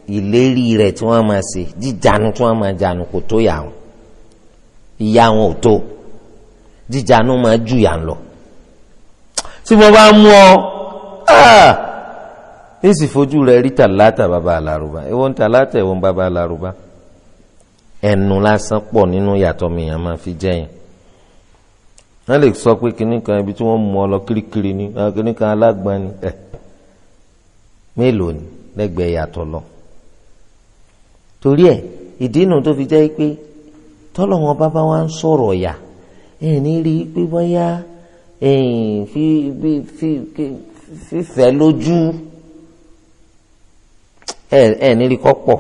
ìlérí rẹ̀ tí wọ́n máa ṣe jíjànú tí wọ́n máa jànú kò tó yà wọn ìyà wọn ò tó jíjànú máa jù yà ń lọ tí mo bá mú ọ ẹ ah! sì fojú rẹ̀ rí tàlátà bàbá alárùbá ìwọ ń tàlátà ìwọ ń bàbá alárùbá ẹnu lásán pọ̀ nínú yàtọ̀ mìíràn máa fi jẹyìn wọ́n lè sọ pé kínní ibi tí wọ́n mú ọ lọ kirikiri ni ah, kínní kan alágbọ́n mélòó ni lẹ́gbẹ̀ẹ́ yàtọ̀ lọ torí ẹ̀ ìdínà tó fi jẹ́ pé tọ́lọ́wọ́n bàbá wa ń sọ̀rọ̀ yà ẹ̀ ní rí i pé bóyá fífẹ́ lójú ẹ̀ ní rí kọ́pọ̀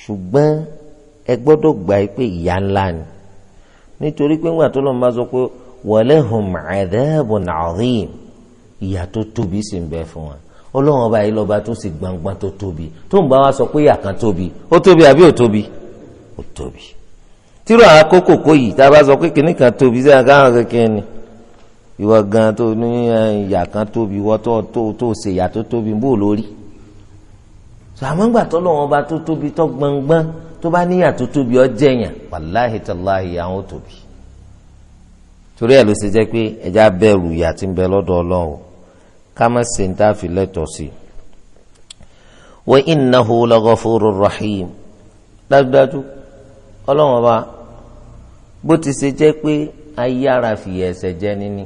ṣùgbọ́n ẹ gbọ́dọ̀ gbà yí pé ìyá ńlá ni nítorí pé ńgbà tọ́lọ́wọ́n bá sọ pé walahum adhabun adhim ìyà tó tóbi sì ń bẹ fún wọn ọlọ́run ọba yìí lọ́ba tó sì gbangban tó tóbi tó ń bá wa sọ pé yàkan tóbi ó tóbi àbí ò tóbi ó tóbi tírò àwọn kókòkò yìí tá a bá sọ pé kìnnì kan tóbi sí àwọn káwọn ni ìwọ gan tó ní eh, yàkan tóbi ìwọ tó tó ṣe yà tó tóbi bó lórí sàmúgbà tó lọ́wọ́ ọba tó tóbi tó gbangban tó bá níyà tó tóbi ọ jẹ̀yàn wàláhì tàláhì àwọn ò tóbi torí ẹ̀ ló ṣe jẹ́ pé ẹja bẹ̀rù ìyà kámá ṣe ń tàfi lẹ́tọ̀ sí. wa innahu la ghafurur rahim dájúdájú ọlọ́run ọba bó ti ṣe jẹ́ pé ayára fìyà ẹ̀ṣẹ̀ jẹ níní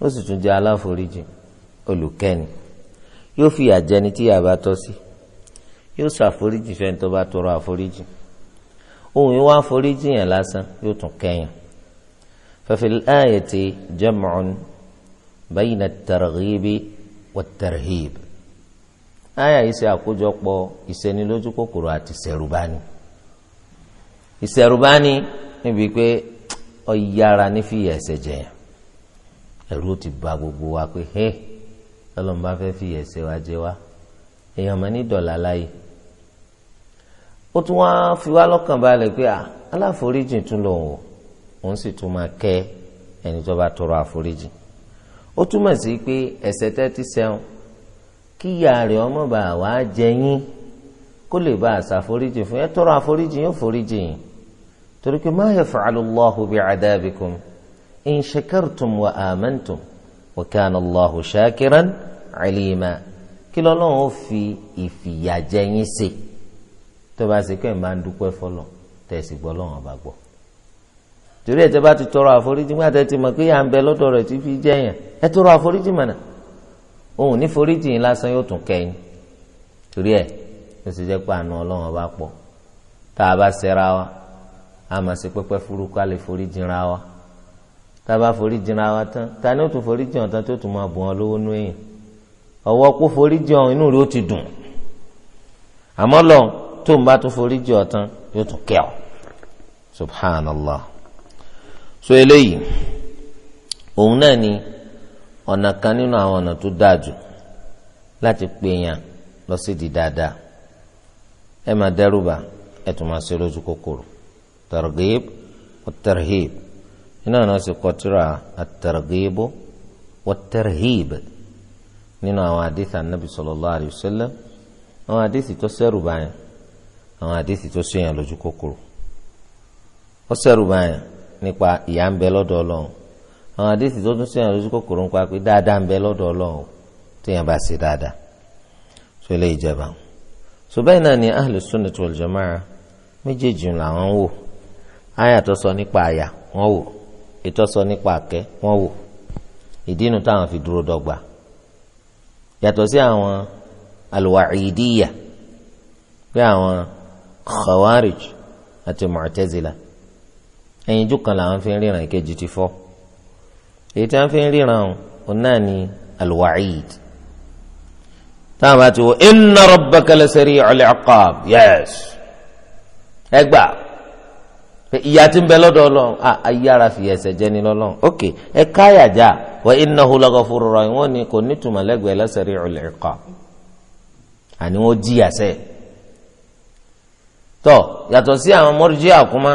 ó sì tún jẹ́ aláforíjì olùkẹ́ni yóò fìyà jẹni tí yàrá tọ́ sí yóò ṣàforíjì fẹ́ni tó bá tọrọ àforíjì ohun yìí wá àforíjì yẹn lásán yóò tún kẹ́yìn fa fil ayati jam'un bayna at-targhibi wat-tarhib àyà yìí ṣe àkójọpọ̀ ìṣenilójú kòkòrò àti ìṣẹ̀rùbáni ìṣẹ̀rùbáni níbi pé ọ̀yára ní fìyà ẹ̀ṣẹ̀ jẹ̀yàn ẹ̀rù ti ba gbogbo wa pé ẹ ọlọ́mọba fẹ́ fìyà ẹ̀ṣẹ̀ wa jẹ wa èèyàn mọ̀ ní dọ̀là láyé ó tún wáá fi wá lọ́kàn balẹ̀ pé aláforíjì tún lòun ò òun sì tún máa kẹ́ ẹni tó bá tọrọ àforíjì ó túmọ̀ sí pé ẹ̀ṣẹ̀ tẹ́tí sẹ́wọ̀n kíyà rẹ̀ ọmọ bá wàá jẹ yín kó lè bá àṣàforíjì fún ẹ tọrọ àforíjì yóò foríjì yín torí pé ma yaf'alu Allahu bi'adabikum in shakartum wa amantum wa kana Allahu shakiran alima kí lọ́lọ́run ó fi ìfìyàjẹ yín ṣe tó bá ṣe pé ẹ̀ máa ń dúpẹ́ fọlọ́ tẹ̀sí gbọ́ lọ́wọ́n bá gbọ́ torí ẹ̀ tẹ́ bá ti tọrọ àforíjì nígbà tẹ́ ti mọ̀ pé à ń bẹ lọ́dọ̀ rẹ̀ tí fi jẹ́ yàn ẹ tọrọ àforíjì mọ̀nà òun ní foríjì yín lásán yóò tún kẹ́yìn torí ẹ̀ ó sì jẹ́ pé àánú ọlọ́run ọba pọ̀ tá a bá ṣẹra wa a máa ṣe pẹ́pẹ́ furuukú a lè foríjì ra wa tá a bá foríjì ra wa tán ta ni ó tún foríjì hàn tán tó tún máa bùn ọ lówó nú èèyàn ọwọ́ kó foríjì hàn inú rẹ̀ ó ti dùn àmọ́ lọ tó ń bá tún foríjì ọ̀ tán yóò tún kẹ́ ọ subhanallah so eléyìí òun náà ni ọ̀nà kan nínú àwọn ọ̀nà tó dáa jù láti pèèyàn lọ sí di dáadáa ẹ máa dẹ́rùbà ẹ tún máa ṣe lójú kòkòrò targhib wa tarhib nínú àwọn ọ̀sẹ̀ kọtíra at-targhib wa tarhib nínú àwọn àdìsí anabi sallallahu alayhi wa sallam àwọn àdìsí tó sẹ́rù báyẹn àwọn àdìsí tó sẹ́yìn lójú kòkòrò ó sẹ́rù nípa ìyà ń bẹ lọ́dọ̀ ọlọ́run àwọn àdéhìí tó tún sèyàn lójú kòkòrò ń pa pé dáadáa ń bẹ lọ́dọ̀ ọlọ́run téèyàn bá ṣe dáadáa tó lè jẹba so bẹ́ẹ̀ náà ni ahlus sunnah wal jamaa méjèèjì làwọn ń wò àyà tó sọ nípa àyà wọ́n wò ètò sọ nípa àkẹ́ wọ́n wò ìdí táwọn fi dúró dọ́gba yàtọ̀ sí àwọn alwa'idiyya pé àwọn khawarij àti mu'tazila ẹyinjú kan làwọn fi ń ríran ìkejì ti fọ́ èyí tí wọ́n fi ń ríran òun náà ni alwaid táwọn bá ti wọ inna rabbaka lasari'ul iqab yes ẹgbà ìyá tí ń bẹ lọ́dọ̀ ọlọ́run ayára fi ẹsẹ̀ jẹ́ ni lọ́lọ́run ok ẹ káyàjá wa innahu laghafurur rahim wọ́n ní kò nítumọ̀ lẹ́gbẹ̀ẹ́ lasari'ul iqab àní wọ́n jíyà sẹ́ẹ̀ tọ́ yàtọ̀ sí àwọn mọ́rìjíà kúmá.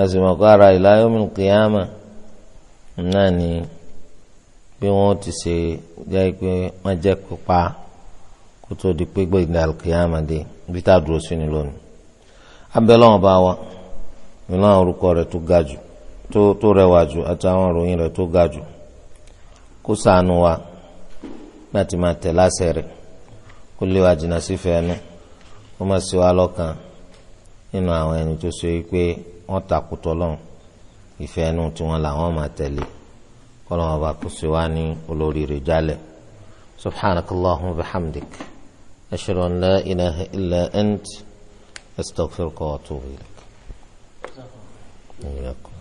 àsìmọ̀kọ́ ara ìláyọ̀mí kìámà náà ni bí wọ́n ti ṣe jẹ́ pé wọ́n jẹ́ pípa kó tó di pé gbẹ̀gbẹ̀ àlùkìámà dé bí tá a dúró sí ni lónìí. abẹ́lọ́wọ̀n bá wa nínú àwọn orúkọ rẹ̀ tó ga jù tó rẹwà jù àti àwọn ìròyìn tó ga jù kó wa láti máa tẹ̀ kó lé wa jìnnà sífẹ̀ẹ́ nu kó wa lọ́kàn nínú àwọn ẹni tó ṣe pé. wọ́n takùtọ̀ lọ́hùn ìfẹ́ inú tiwọn làwọn máa tẹ̀lé kọ́lọ́mọ bá kó sí wa ní olórí rẹ̀ jálẹ̀ subhanakallahumma wa bihamdik ashhadu an la ilaha illa ant astaghfiruka wa atubu ilaik.